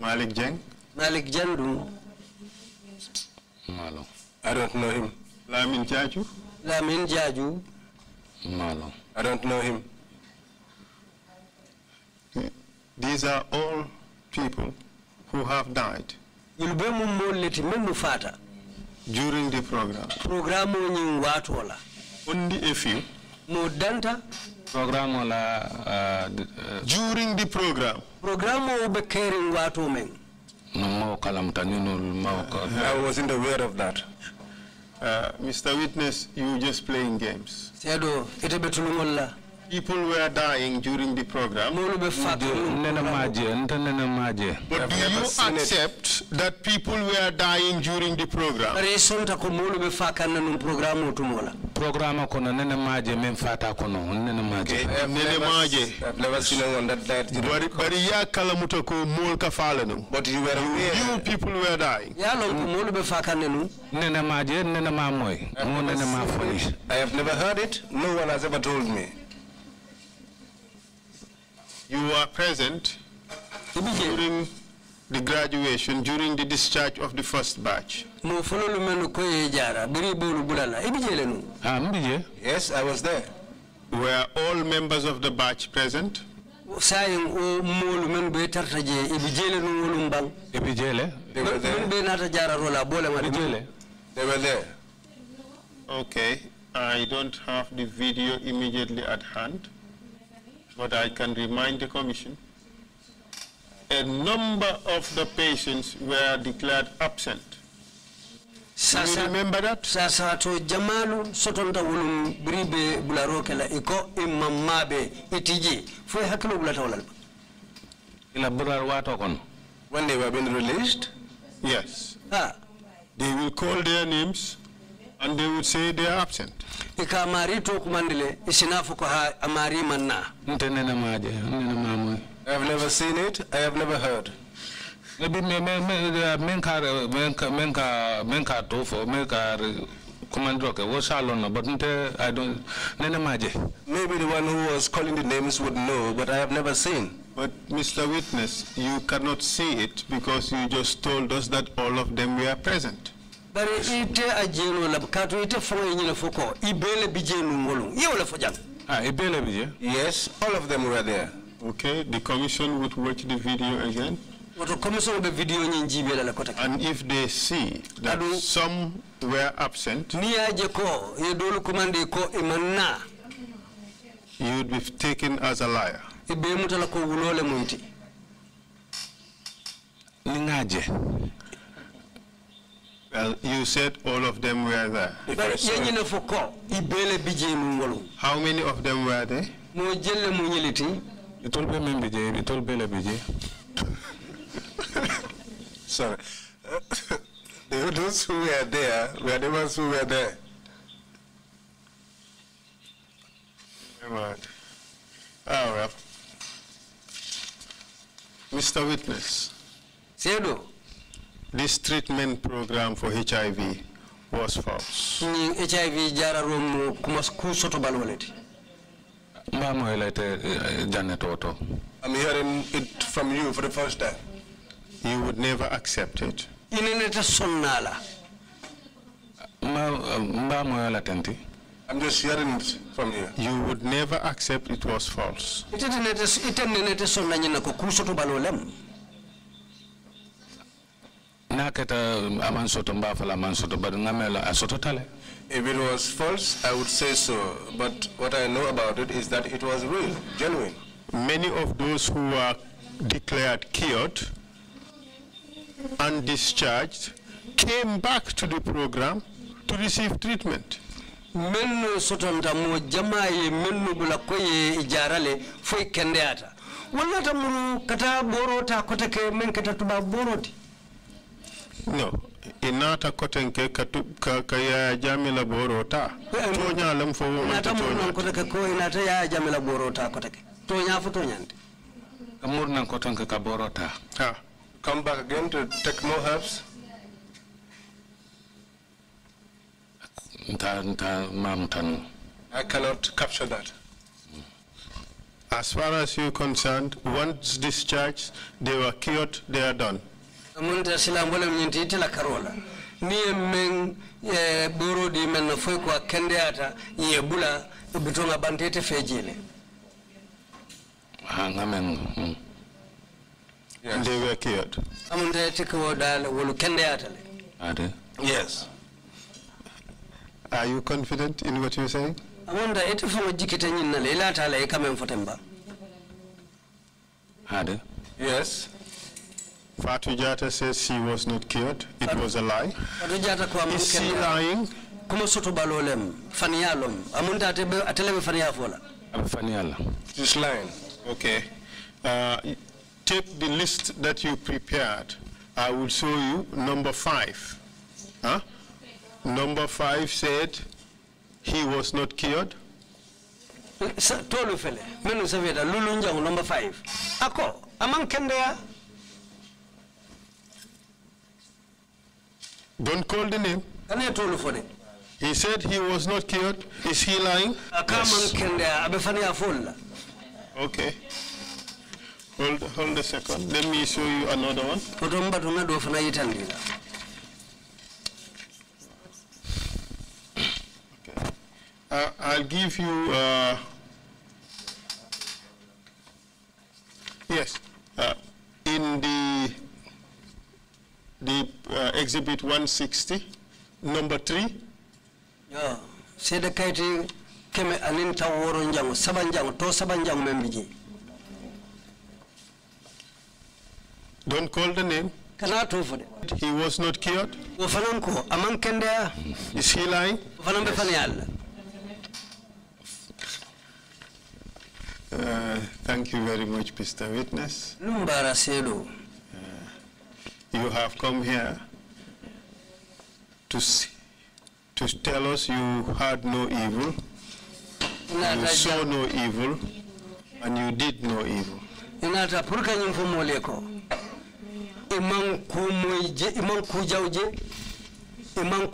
Malik Jeng? Malik Jandum. Malum. I don't know him. Lamin Jaju? Lamin Jaju. Malo. I don't know him. These are all people who have died during the program. Program nying watu Only a few. No danta. Program la. Uh, uh, during the program. Programo ubekering watu men. I wasn't aware of that. Uh, Mr. Witness, you just playing games people were dying during the program. But do you accept that people were dying during the program? I've never seen anyone that died during the But you were aware. You people were dying. I have never heard it. No one has ever told me. You were present during the graduation, during the discharge of the first batch. Ah, yes, I was there. Were all members of the batch present? They were there. They were there. Okay. I don't have the video immediately at hand. But I can remind the Commission, a number of the patients were declared absent. Sasa, member remember that? Sasa to jamalu sotonda wulum bribe bularoke la iko imamabe itiji. Fue hakilo bulata walalba. Ila bular When they were being released? Yes. Ha. They will call their names. And they would say they are absent. Ika kumandile isinafu kwa amari manna. maje, I have never seen it. I have never heard. menka menka menka menka tofo menka but I don't nene maje. Maybe the one who was calling the names would know, but I have never seen. But Mr. Witness, you cannot see it because you just told us that all of them were present bari a ibele ah yes all of them were there okay the commission would watch the video again commission video la and if they see that some were absent ni aje ko ye you would be taken as a liar lingaje well, you said all of them were there. How many of them were there? Sorry. those who were there were the ones who were there. Right. well. right. Mr. Witness. Cedo this treatment program for HIV was false. HIV jara romo I'm hearing it from you for the first time. You would never accept it. I'm just hearing it from you. You would never accept it was false. Um, mbafala ngamela asoto tale if it was false i would say so but what i know about it is that it was real genuine many of those who were declared cured and discharged came back to the program to receive treatment menno sotonta mo jamaye menno bula koye jarale foy kendeata wallata muru kata borota kotake men kata tuba boroti no inata koten ke katup ka kaya jamila borota tonya ko inata ya jamila borota ko tonya ha come back again to more herbs nta mam tanu i cannot capture that as far as you're concerned once discharged they were cured they are done munta silambolem ñinti itila karola Niye ye meŋ e, borodi men na foy ko a kendeyata ye bula bitoŋa banta ite fe jele ah, nga meŋ mm. nde wekiyot amunta ite ko le ade yes are you confident in what you're saying amunta ite faŋo jikita ñin na le ilata la i kameŋ yes Fatu Jata says she was not cured. It was a lie. Is she lying? Kuma soto balolem, faniyalom. Amunda atebe atelebe am Faniyala. She's lying. Okay. Uh, take the list that you prepared. I will show you number five. Huh? Number five said he was not cured. Tolu fele. Menu saveta. Lulunjangu number five. Ako. Amang ya? Don't call the name. He said he was not killed. Is he lying? Yes. Okay. Hold, hold a second. Let me show you another one. Uh, I'll give you. Uh, yes. Uh, in the the uh, exhibit 160, number three. Yeah. came kaiti keme aninta woro njango, seven njango, two seven njango membiji. Don't call the name. Cannot Kana it. He was not cured. Wafananko, amang kendea. Is he lying? Wafanambe fanyal. Uh, thank you very much, Mr. Witness. Lumbara Sedo you have come here to see, to tell us you had no evil, you saw no evil, and you did no evil. Inata purka nyimfumo leko. Imang kumoje, imang kujauje, imang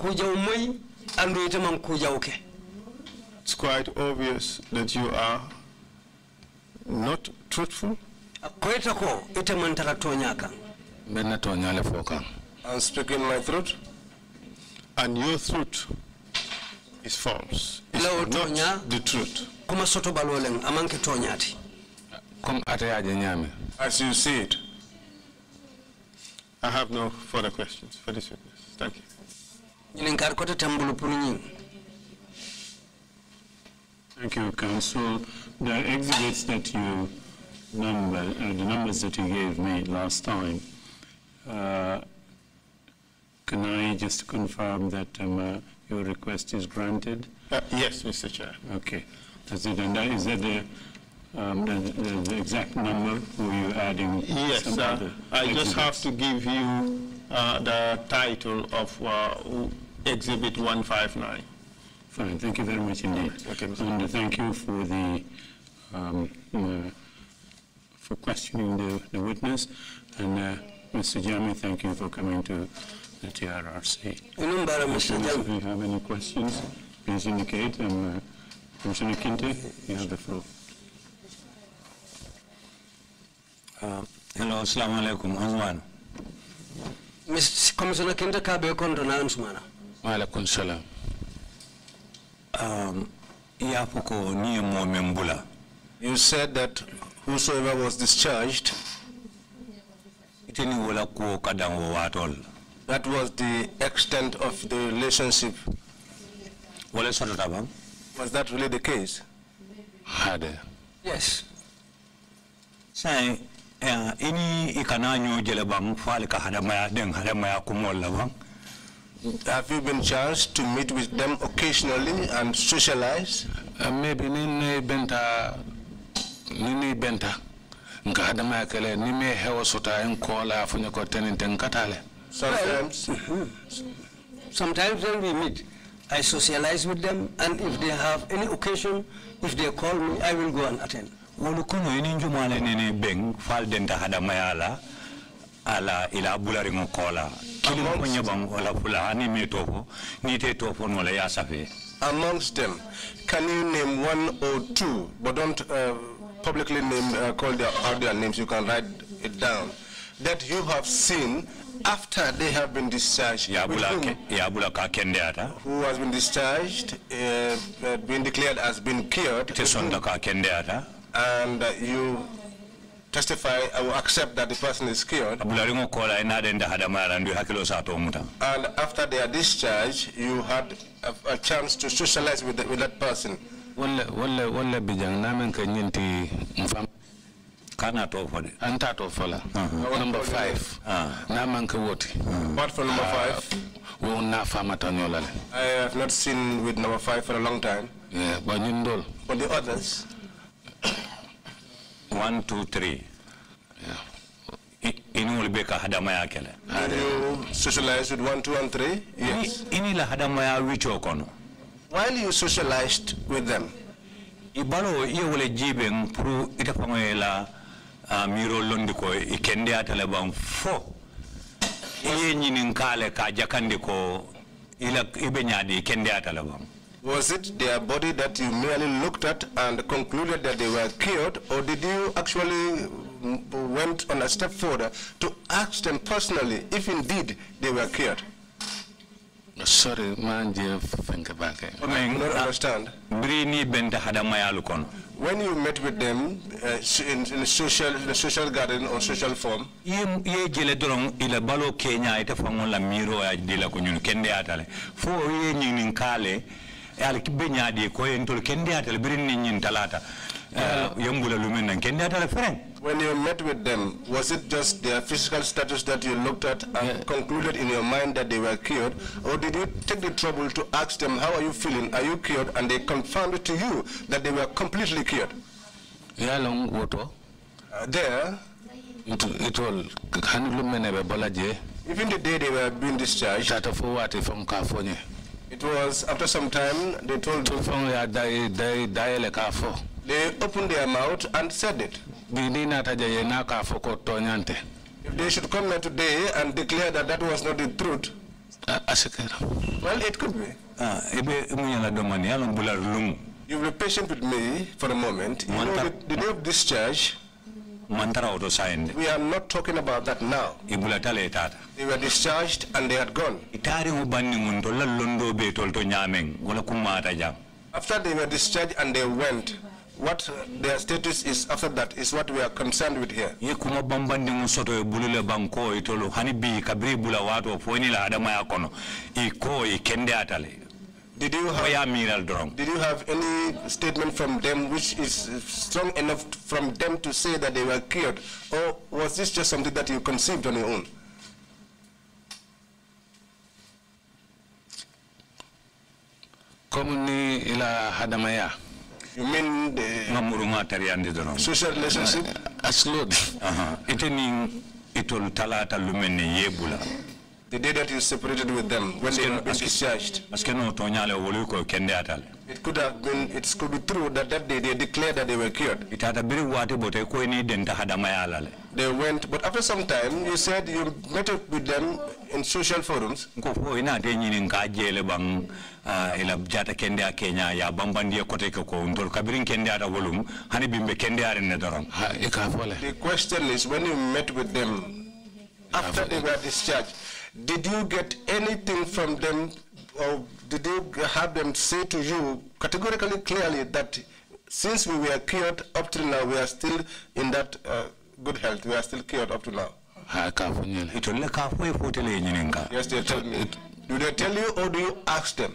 imang It's quite obvious that you are not truthful. ite mantaka tonyaka menna to I'm speaking my throat and your throat is false it's Leo not tonya, the truth kuma soto baloleng amanke tonyati kom atayaje ñame as you see it I have no further questions for this witness thank you ñinen kote tambulu pour Thank you, counsel. The exhibits that you number, uh, the numbers that you gave me last time uh, can I just confirm that um, uh, your request is granted? Uh, yes, Mr. Chair. Okay. Does it, and is that the, um, the, the, the, exact number or you adding? Yes, I exhibits? just have to give you the title of Exhibit 159. Fine. Thank you very much indeed. Okay, and thank you for the um, uh, for questioning the, the witness and. Uh, Mr. Jami, thank you for coming to the TRRC. Remember, Mr. If you have any questions, please indicate. And uh, Commissioner Kinte, you have the floor. Uh, hello, assalamu alaikum. Anzwan. Mr. Commissioner Kinte, you, kondo na msumana. Wa alaikum salam. Um, you said that whosoever was discharged that was the extent of the relationship was that really the case hade yes sai eh, any ikana nyo jele bang fal ka hada maya den hada maya kumol la bang have you been chance to meet with them occasionally and socialize uh, maybe ni benta ni benta nka hadamaya kele ni me hewo suta en kola funya ko tenenten katale sometimes sometimes when we meet I socialize with them and if they have any occasion if they call me I will go and attend wolu kono ini njumale nene beng fal denta hadamaya la ala ila bulari ngo kola kilimo ko nyabang wala fula ni me tofo ni te tofo no la ya safe amongst them can you name one or two but don't uh, publicly named, uh, call their, out their names, you can write it down, that you have seen after they have been discharged. Yabulaka yeah, Kendeata. Who has been discharged, uh, uh, been declared as being cured. And uh, you testify or accept that the person is cured. And after they are discharged, you had a, a chance to socialize with, the, with that person walla walla walla bijang namen ka ñinti fam kana to anta to number 5 namen ka woti number 5 wo na fama tan i have not seen with number 5 for a long time yeah ba ñun dol but the others 1 2 3 yeah inul beka hadamaya Did you socialize with one, two, and three? Yes. Inila hadamaya wicho kono while you socialized with them. jibeng ah, miro ikende fo. Iye ka ila ikende Was it their body that you merely looked at and concluded that they were cured, or did you actually mm, went on a step further to ask them personally if indeed they were cured? Sorry, man, you think about it. I do not understand. Brini benta hadamayal kon. When you met with them uh, in, in a social in a social garden or social form, ye ye jele dorong ila balo Kenya ita fangon miro ya dila kunyun kende atale. Fo ye nyinin kale ala kibenya di ko entol kende atale brini nyin talata. Uh, yambula lumen kende atale fereng. When you met with them, was it just their physical status that you looked at and yeah. concluded in your mind that they were cured? Or did you take the trouble to ask them, how are you feeling? Are you cured? And they confirmed to you that they were completely cured. Yeah, long water. Uh, there, it, it will even the day they were being discharged from California. It was after some time they told they opened their mouth and said it. If they should come here today and declare that that was not the truth, well, it could be. Ah, you will be patient with me for a moment. You know, the, the day of discharge, we are not talking about that now. They were discharged and they had gone. After they were discharged and they went, what their status is after that is what we are concerned with here. bambandi bulule banko itolo kabri bula watu la adama iko ikende atale. Did you have Did you have any statement from them which is strong enough from them to say that they were cured, or was this just something that you conceived on your own? Komuni ila hadamaya. You mean the... Mamurunga tariyandi doron. Social relationship? Uh, Aslod. Aha. Ite ni itol talata lumene yebula. The day that you separated with them, when they were discharged. Aske no tonyale woluko kende atale. It could have been, it could be true that that day they declared that they were cured. It had a very water, but I ni denta hadamayalale. They went, but after some time, you said you met up with them in social forums. Nkofo ina tenyi nkaje le bang uh, ila jata kende a kenya ya kote kabirin kende wolum hani bimbe kende doron fole the question is when you met with them after they were discharged did you get anything from them or did you have them say to you categorically clearly that since we were cured up till now we are still in that uh, good health we are still cured up to now yes they tell me do they tell you or do you ask them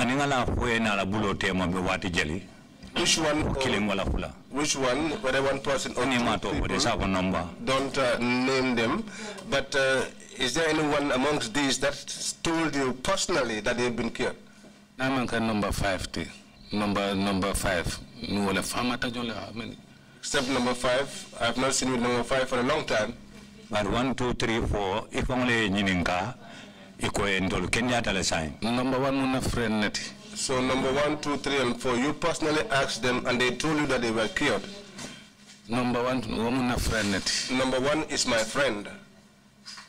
ani ngala foye na la bulo be wati jeli which one or, wala fula uh, which one whether one person but they have a number don't uh, name them but uh, is there anyone amongst these that told you personally that they've been killed i'm on number 5 number number 5 no wala famata jole how many except number 5 i've not seen you number 5 for a long time but one, two, three, four. if only nyininka iko endol kenya tala sign number 1 muna friend nati so number one, two, three, and 4 you personally asked them and they told you that they were cured number 1 muna friend nati number 1 is my friend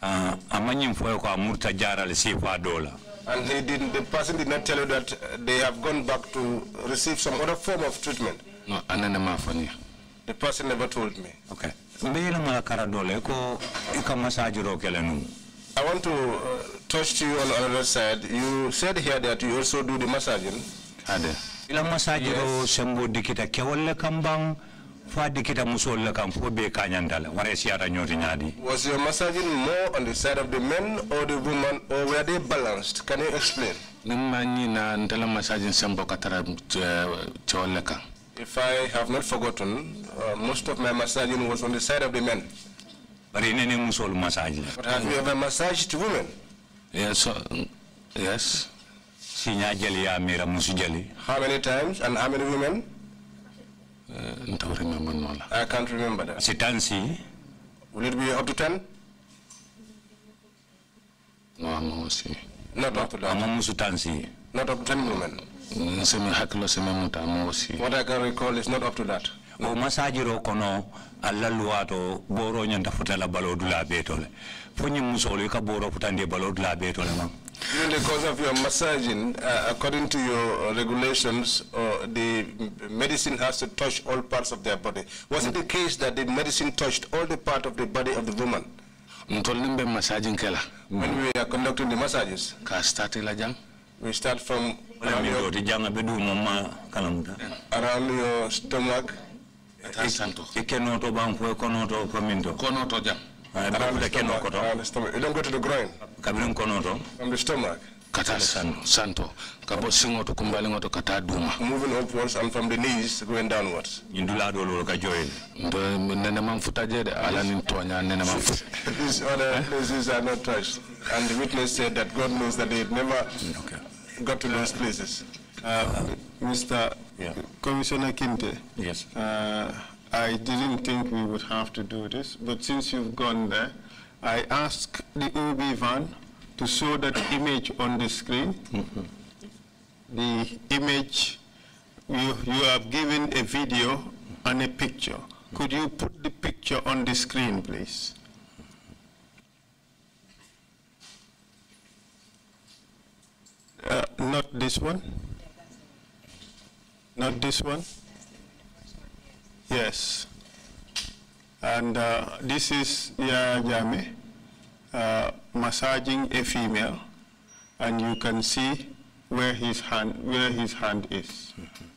uh, ah, amanyim foyo ko amurta jaral sifa dola and they didn't the person did not tell you that they have gone back to receive some other form of treatment no anana mafani the person never told me okay mbele mala kara ko ikama sajiro kelenu i want to uh, touched you on the other side. You said here that you also do the massaging. Ade. sembo dikita kambang fa dikita be wara siara nyori nyadi. Was your massaging more on the side of the men or the women or were they balanced? Can you explain? na massaging sembo katara eh, If I have not forgotten, uh, most of my massaging was on the side of the men. But have you ever massaged women? Yes. Yes. jali ya mira musu jali. How many times and how many women? Uh, don't remember no la. I can't remember that. Sitansi. Will it be up to 10? No, I'm not Not up to that. I'm musu tansi. Not up to 10 women. Nseme hakilo seme muta mosi. What I can recall is not up to that. O masajiro kono alla luwato boro nyanda futala balo dula betole. Ponye musolo yuka boro putande balod labe to lemang. During the course of your massaging, uh, according to your uh, regulations, uh, the medicine has to touch all parts of their body. Was mm. it the case that the medicine touched all the part of the body of the woman? Mtolimbe massaging kela. When we are conducting the massages? Ka start jang. We start from around your, around your stomach. Ikonoto bangkwe konoto kominto. Konoto jang around the stomach, You don't go to the groin. From the stomach. santo, santo. Moving upwards and from the knees going downwards. Indula do lolo ka join. Ndo nene mamfuta jede ala ni tonya nene mamfuta. These other places are not touched. And the witness said that God knows that they have never mm, okay. got to those places. Uh, uh Mr. Yeah. Commissioner Kinte. Yes. Uh, I didn't think we would have to do this, but since you've gone there, I ask the OB van to show that image on the screen. Mm-hmm. The image, you, you have given a video and a picture. Could you put the picture on the screen, please? Uh, not this one? Not this one? Yes. And uh, this is Yaya uh, massaging a female, and you can see where his hand where his hand is. Mm -hmm.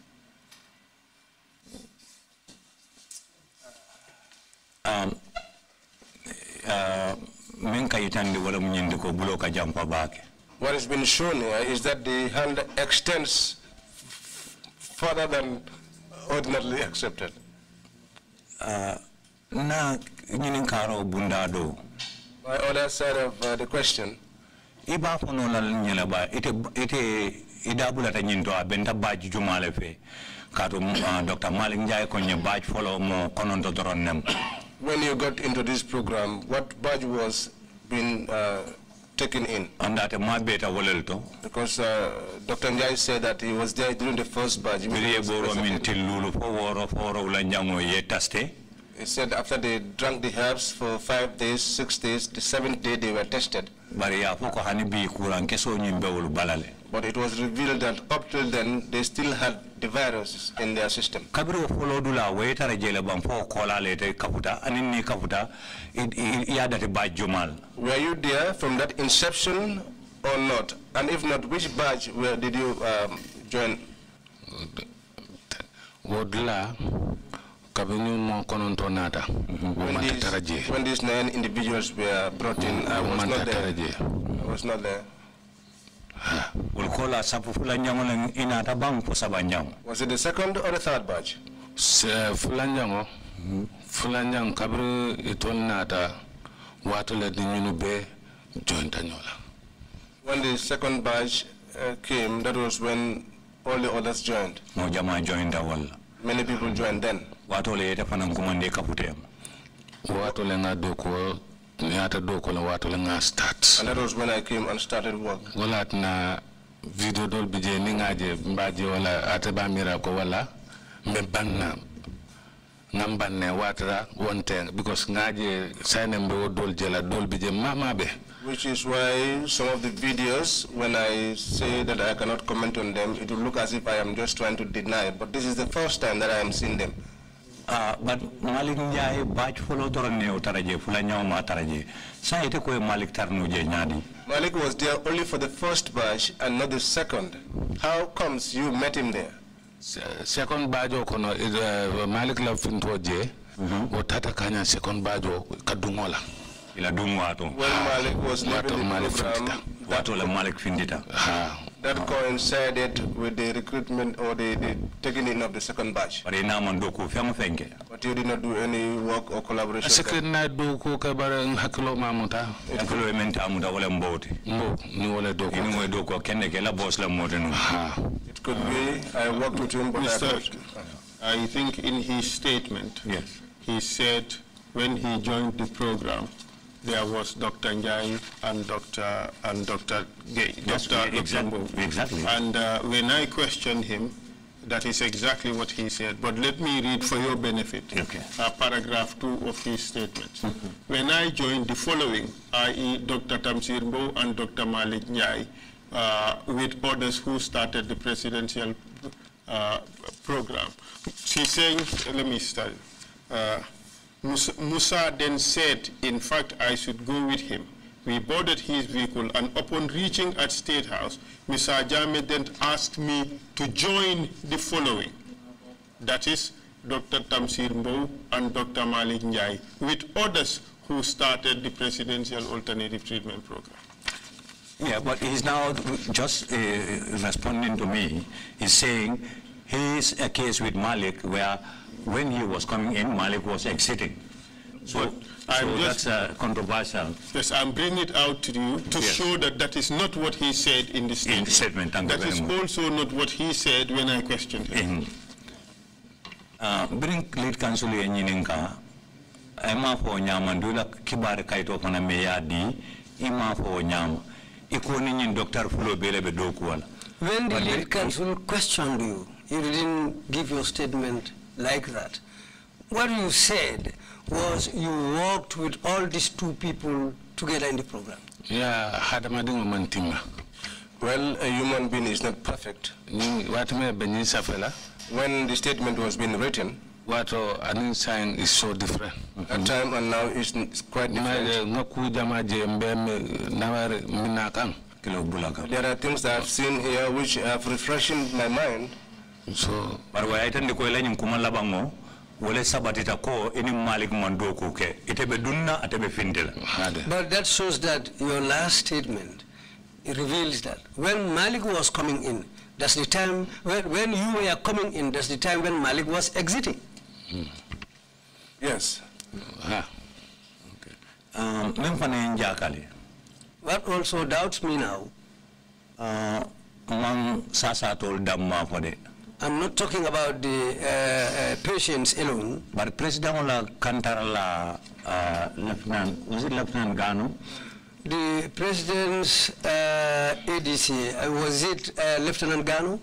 um, uh, what has been shown here is that the hand extends further than ordinarily accepted. Uh, na ñinin karo by other side of uh, the question iba ba ite ite idabula ta abenta jumale fe uh, dr mo nem when you got into this program what baaj was been uh, taken in. And at a mabeta walelto. Because uh, Dr. Njai said that he was there during the first batch. Miriye boro min tillulu fo woro fo woro ulanyango ye taste. He said after they drank the herbs for five days, six days, the seventh day they were tested. But it was revealed that up till then they still had the virus in their system. kola kaputa Were you there from that inception or not? And if not, which batch where did you um, join? Wodla. Mhm. When these, when these nine individuals were brought in, I was not there. I was not there. Ah. Was it the second or the third batch? Fulanjango, Fulanjang mhm. kabru itolnata watu le dinyunube jointanyola. When the second batch uh, came, that was when all the others joined. joined Many people joined then wato le yete fana kumande kapute yam wato le nga doko yata doko le wato le nga start and that was when I came and started work wala atina video dol bije ni nga je mbaje wala ataba mira ko wala me banna ngambanne watara wonte because je sanem be dol jela dol bije mama be which is why some of the videos, when I say that I cannot comment on them, it will look as if I am just trying to deny. But this is the first time that I am seeing them but Malik Njai bach follow dorane utaraje fulanyao Sa ite koe Malik tarnu je nyadi. Malik was there only for the first batch and not the second. How comes you met him there? second batch okono is uh, Malik la finto je. Mm -hmm. kanya second batch kadungola. Ila dungwa to. When Malik was Malik? the program, Watu la Malik findita. Ha that coincided with the recruitment or the, the taking in of the second batch. But you did not do any work or collaboration? Sekena boss It could be, I worked with him, but Mr. I, I think in his statement, yes. he said when he joined the program, there was Dr. Njai and Dr. and Dr. Gay, yes, Dr. Exactly. exactly. And uh, when I questioned him, that is exactly what he said. But let me read for your benefit okay. uh, paragraph 2 of his statement. Mm -hmm. When I joined the following, i.e. Dr. Tamsir and Dr. Malik Njai, uh, with others who started the presidential uh, program. She's saying, let me start. Uh, Musa then said, in fact, I should go with him. We boarded his vehicle, and upon reaching at State House, Mr. Ajame then asked me to join the following. That is Dr. Tamsir Mbou and Dr. Malik Njai, with others who started the Presidential Alternative Treatment Program. Yeah, but he's now just uh, responding to me. He's saying he's a case with Malik where when he was coming in, Malik was exiting. So, so just, that's uh, controversial. Yes, I'm bringing it out to you to yes. show that that is not what he said in the statement. In the statement, thank That is also not what he said when I questioned him. Mm -hmm. uh, bring lead counsel Nyininka, Emma for Nyama, Dula Kibare Kaito Fanameyadi, Ima for Nyama, Ikoni Dr. Fulo Belebe Dokuala. When the lead counsel questioned you, you didn't give your statement like that. What you said was you worked with all these two people together in the program. Yeah, Hadamadingo Mantinga. Well, a human being is not perfect. When the statement was being written, what an sign is so different. At mm-hmm. time and now it's, it's quite different. There are things that I've seen here which have refreshed my mind so but waya itandi ko eleñim kuma labango wala sabatita ko ini malik man do ko ke itebe dunna atebe findela but that shows that your last statement reveals that when malik was coming in that's the time when, when you were coming in that's the time when malik was exiting hmm. yes ah. okay. um, okay. what also doubts me now uh, man sasatol damma fo de I'm not talking about the uh, uh, patients alone. But President la kantarala uh, Lieutenant, was it Lieutenant Gano? The President's uh, ADC, uh, was it uh, Lieutenant Gano?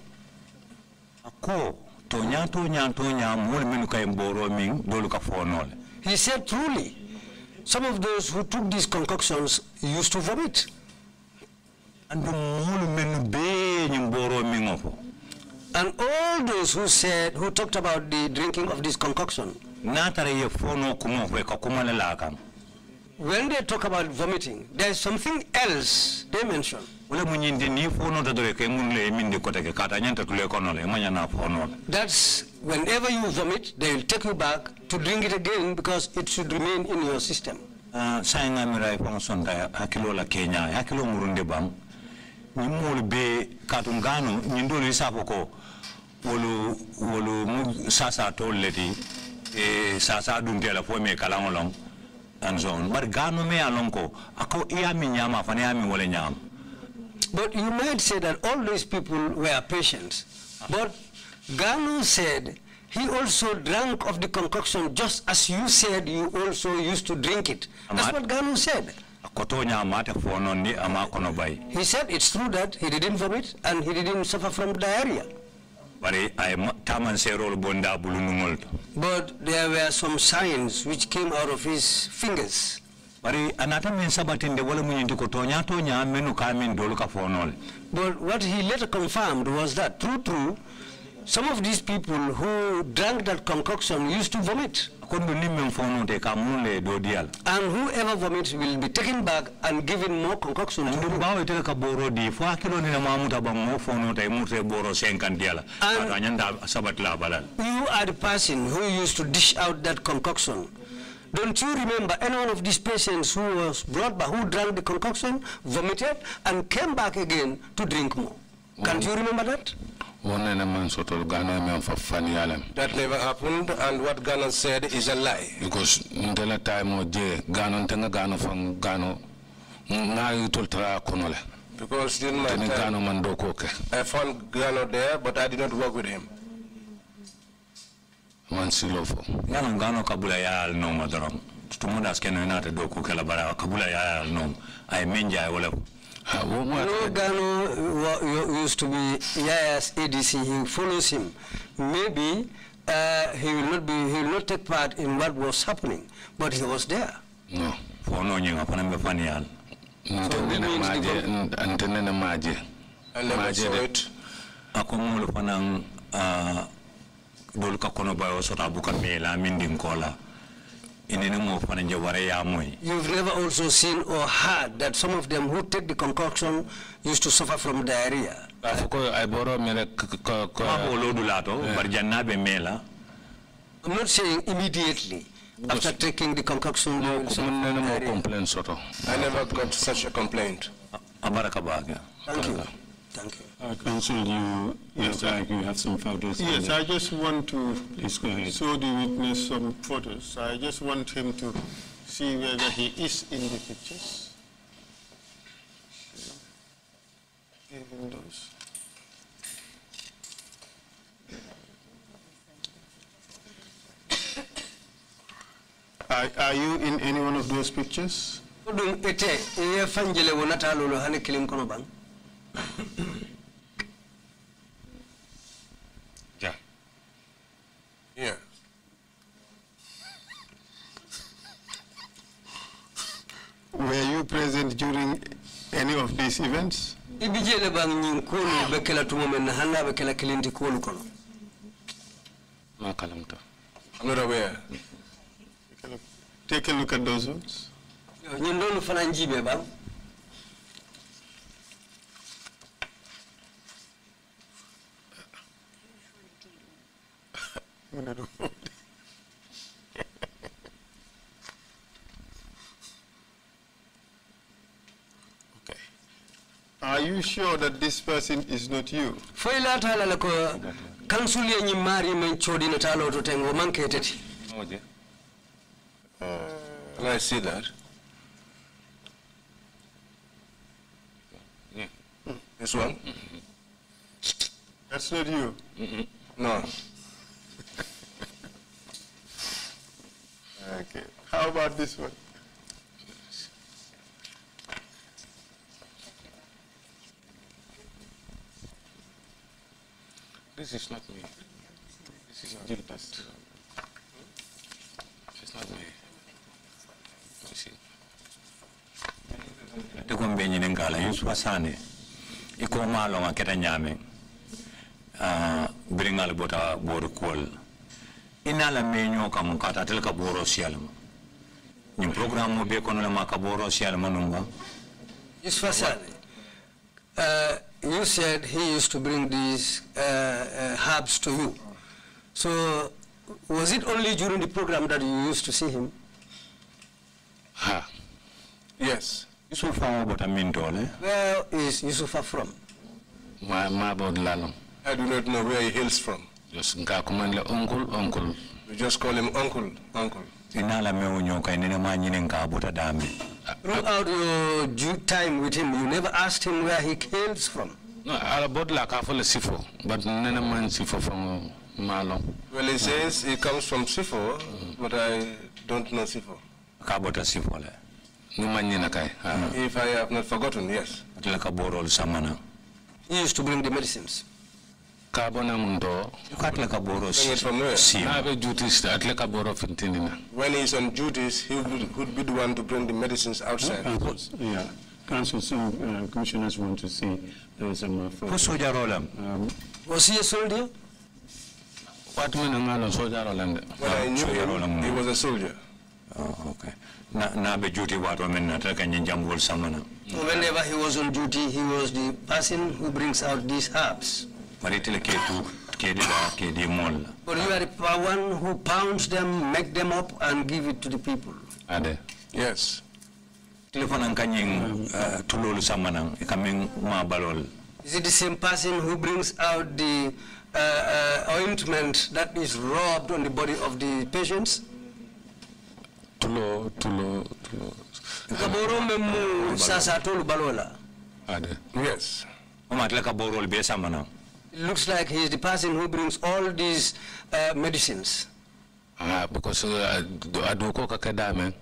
Ako, tonya tonya tonya mwole minu ming fonole. He said truly, some of those who took these concoctions used to vomit. Andu mwole minu be nymboro and all those who said, who talked about the drinking of this concoction, when they talk about vomiting, there's something else they mention. That's whenever you vomit, they will take you back to drink it again because it should remain in your system. Ah, Kenya be katungano wolu wolu mu sasa tol leti e sasa fo me me ko But you might say that all these people were patients. But Ganu said he also drank of the concoction just as you said you also used to drink it. That's what Ganu said. He said it's true that he didn't vomit and he didn't suffer from diarrhea. But there were some signs which came out of his fingers. But what he later confirmed was that, true, true, some of these people who drank that concoction used to vomit. And whoever vomits will be taken back and given more concoction you are the person who used to dish out that concoction. Don't you remember any of these patients who was brought by, who drank the concoction, vomited, and came back again to drink more? Can't mm. you remember that? That never happened, and what Ghana said is a lie. Because ntela time o je Ghana ntenga Ghana from Ghana na yutul tra konola. Because during my time, Ghana mandoko ke. I found Ghana there, but I did not work with him. Mansilofo. silofo. Ghana kabula ya bara kabula ya I menja I Ah, no Gano used to be Yaya's ADC. He follows him. Maybe uh, he will not be. He will not take part in what was happening, but he was there. No. For no, you are not funny. So Antena Maje. Maje. Akumulu panang dol ka kono bayo sota bukan mela minding kola. You've never also seen or heard that some of them who take the concoction used to suffer from diarrhea. I'm not saying immediately after taking the concoction. No, complaints I never got such a complaint. Thank you. Thank you. Uh, Council, you yes, I, you have some photos. Yes, I just want to Please go ahead. show the witness some photos. I just want him to see whether he is in the pictures. those. Are, are you in any one of those pictures? Were you present during any of these events? ibijele bang bekela tumomen bekela kono ma not aware take a look at those ones bang i Are you sure that this person is not you? Foila tala lako kansulia ni mari men chodi na tala to tengo manketeti. Oje. Can uh, I see that? Yeah. This one? That's not you. No. okay. How about this one? This is not me. This is Gilbert. It's not me. Ate ko mbe nyine ngala yin suwa sane. Iko malo nga keta nyame. Ah, Biringal bota boru kuol. Ina la menyo ka mukata tel ka boro sialma. Ni program mo be kono la ma ka boro sialma nunga. Yusfa sane. Uh, you said he used to bring these uh, uh, herbs to you. So was it only during the program that you used to see him? Ha. Yes. Yusufa about a mindole. Where is Yusufa from? My, mother about Lalong. I do not know where he hails from. Just uncle, uncle. We just call him uncle, uncle ina la meonyoka inene manyine ngabuta dame throughout your due time with him you never asked him where he hails from no I bought like half fola sifo but nene man sifo from Malo. well he says he comes from sifo but i don't know sifo kabuta sifo le ni manyina kai ah. if i have not forgotten yes atla kaborol samana he used to bring the medicines kabona mundo atle kaboro si ave duties atle kaboro fintinina when he's on duties he would, would be the one to bring the medicines outside yeah council some uh, commissioners want to see there is some uh, for soja rolam was he a soldier what man ngalo soja rolam well i knew he was a soldier oh okay na na be duty wato men na taka nyinjambol samana whenever he was on duty he was the person who brings out these herbs maritele ke tu kede da But you are the one who pounds them, make them up, and give it to the people. Ade. Yes. Telephone ang kanyang ah, tulol sa manang, kaming mabalol. Is it the same person who brings out the uh, uh, ointment that is rubbed on the body of the patients? Tulo, tulo, tulo. Kaborombe mu sasa tolu balola. Ade. Yes. Umatla kaborol besa manang looks like he's the person who brings all these uh, medicines. Ah, because uh, aduko kakadamen,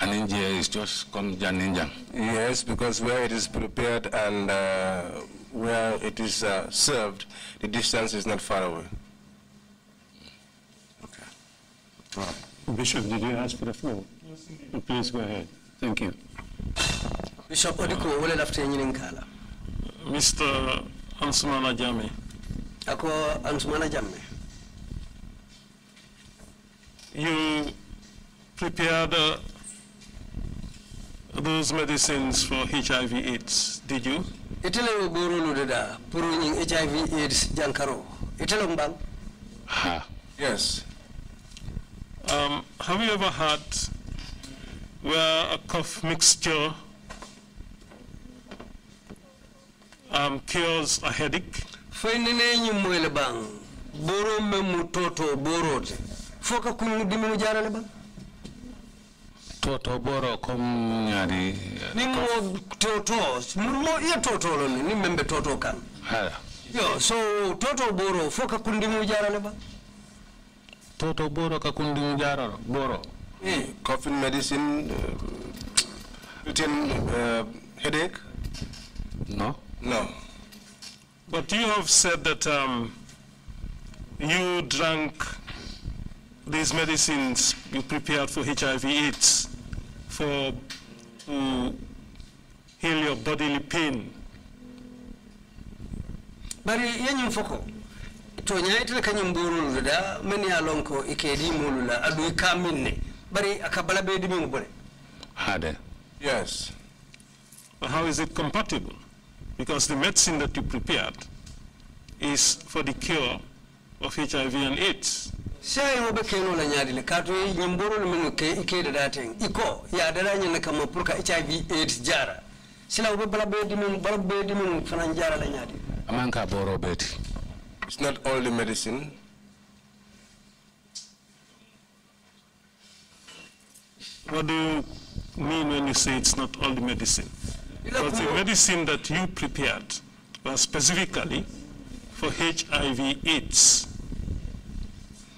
an India is just come Ninja. Yes, because where it is prepared and uh, where it is uh, served, the distance is not far away. Okay. Right. Bishop, did you ask for the floor? Yes, Please go ahead. Thank you. Bishop Odiko, Mr. Ansumana Jami ako ansumana eh. you prepared uh, those medicines for hiv aids did you itele borolu da pour hiv aids jankaro itele mbang ha yes um, have you ever had where a cough mixture um, cures a headache fayni faynenee ñimmoy le baŋ borom meŋ mu toto boroo foka fo ka kuñu diminu jaarale le baŋ toto boro kom ñaari ni mo toto mo ye toto lo ni membe toto kan haya yo so toto boro foka kundi mu jaarale ba toto boro ka kundi mu jararo boro eh coffin medicine uh, tin uh, headache no no But you have said that um, you drank these medicines you prepared for HIV AIDS for to heal your bodily pain. bari yeñum foko to ñayitele kañum mborulu da men ya lon ko i keedi molu la aduy bari aka bala ɓeydi min hade yes how is it compatible because the medicine that you prepared is for the cure of HIV and AIDS. sai mo beke no la nyaadi le kato yi nyimboro le meno ke ke da daten iko ya da da nyana kama purka HIV AIDS jara sila wo bala be di men bala be di men fanan jara la nyari. amanka boro beti it's not all the medicine what do you mean when you say it's not all the medicine because the medicine that you prepared was uh, specifically for HIV AIDS.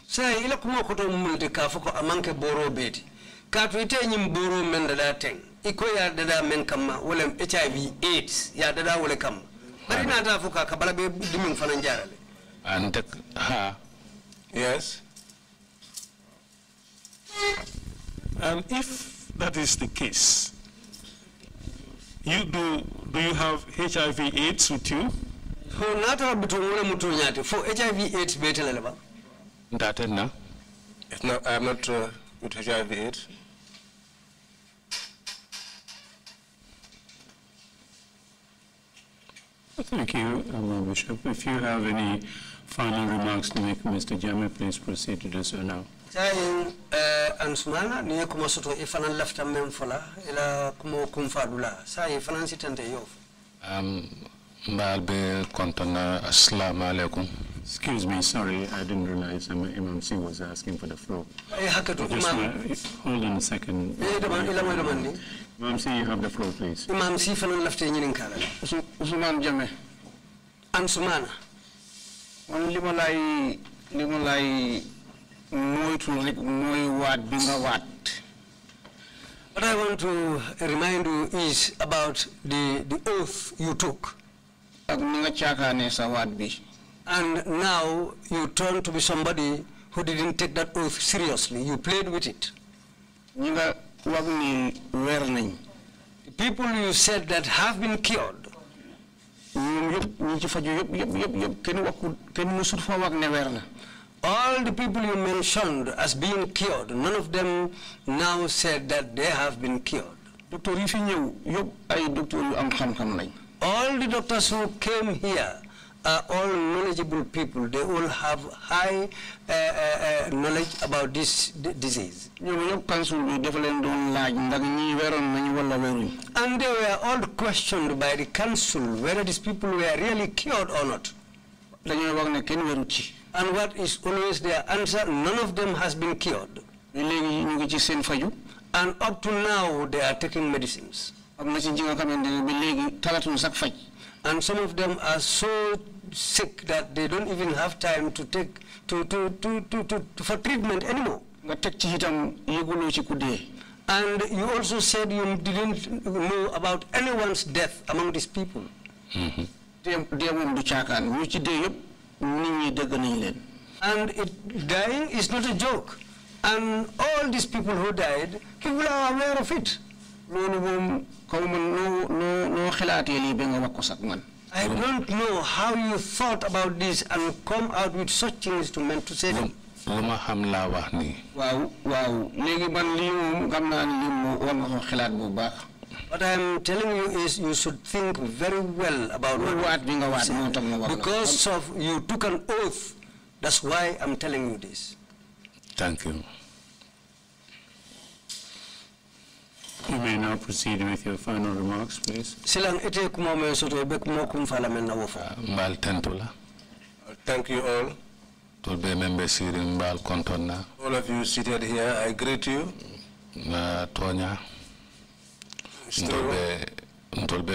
Say, ila kuma kuto mumulti kafuko amanke boro beti. Katu ite nyim boro mendada teng. Iko ya dada men kama, wale HIV AIDS, ya dada wale kama. Bari na atafuka kabala be dimin fananjara le. And, ha, yes. And if that is the case, you do, do you have HIV AIDS with you? Ho nata for HIV AIDS leba. Ndate na. If I am not uh, with HIV AIDS. Thank you, Honourable uh, Bishop. If you have any final remarks to make, Mr. Jame, please proceed to do so now tayin eh, ansumana ni kuma soto men fola ila kuma kunfadula sa ye fana sitante yo um kontona assalamu alaikum Excuse me, sorry, I didn't realize um, Imam Singh was asking for the floor. Eh, hold on a second. Eh, Imam you have the floor, please. Imam Singh, fanan lafte nyinin kala. Usman Jame. Ansumana. Wan limalai, limalai moytul rek bi nga What I want to remind you is about the, the oath you took. And now you turn to be somebody who didn't take that oath seriously. You played with it. The people you said that have been cured, you all the people you mentioned as being cured, none of them now said that they have been cured. Doctor, if you know, I doctor, All the doctors who came here are all knowledgeable people. They all have high uh, uh, uh knowledge about this disease. And they were all questioned by the council whether these people were really cured or not and what is always their answer, none of them has been cured. And up to now, they are taking medicines. And some of them are so sick that they don't even have time to take to, to, to, to, to, to for treatment anymore. And you also said you didn't know about anyone's death among these people. Mm -hmm. And it, dying is not a joke. And all these people who died, people are aware of it. I don't know how you thought about this and come out with such things to men to say them. Wow! What I'm telling you is you should think very well about what you say. Because of you took an oath. That's why I'm telling you this. Thank you. You may now proceed with your final remarks, please. Silang ite kumame falamen ah, tentula. Thank you all. All of you seated here, I greet you. Na tonya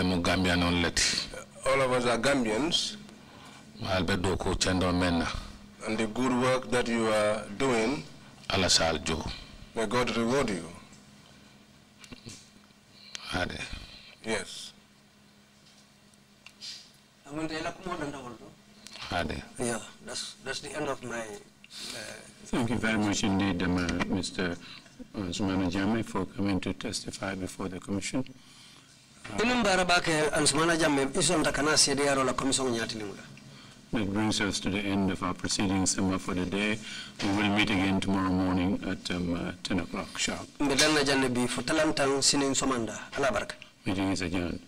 mo gambian on leti all of us are gambians and the good work that you are doing ala jo may god reward you ade yes ade yeah that's that's the end of my uh, thank you very much indeed uh, mr Ansumana Jamme for coming to testify before the Commission. la commission That brings us to the end of our proceedings for the day. We will meet again tomorrow morning at um, uh, 10 o'clock sharp. Meeting is adjourned.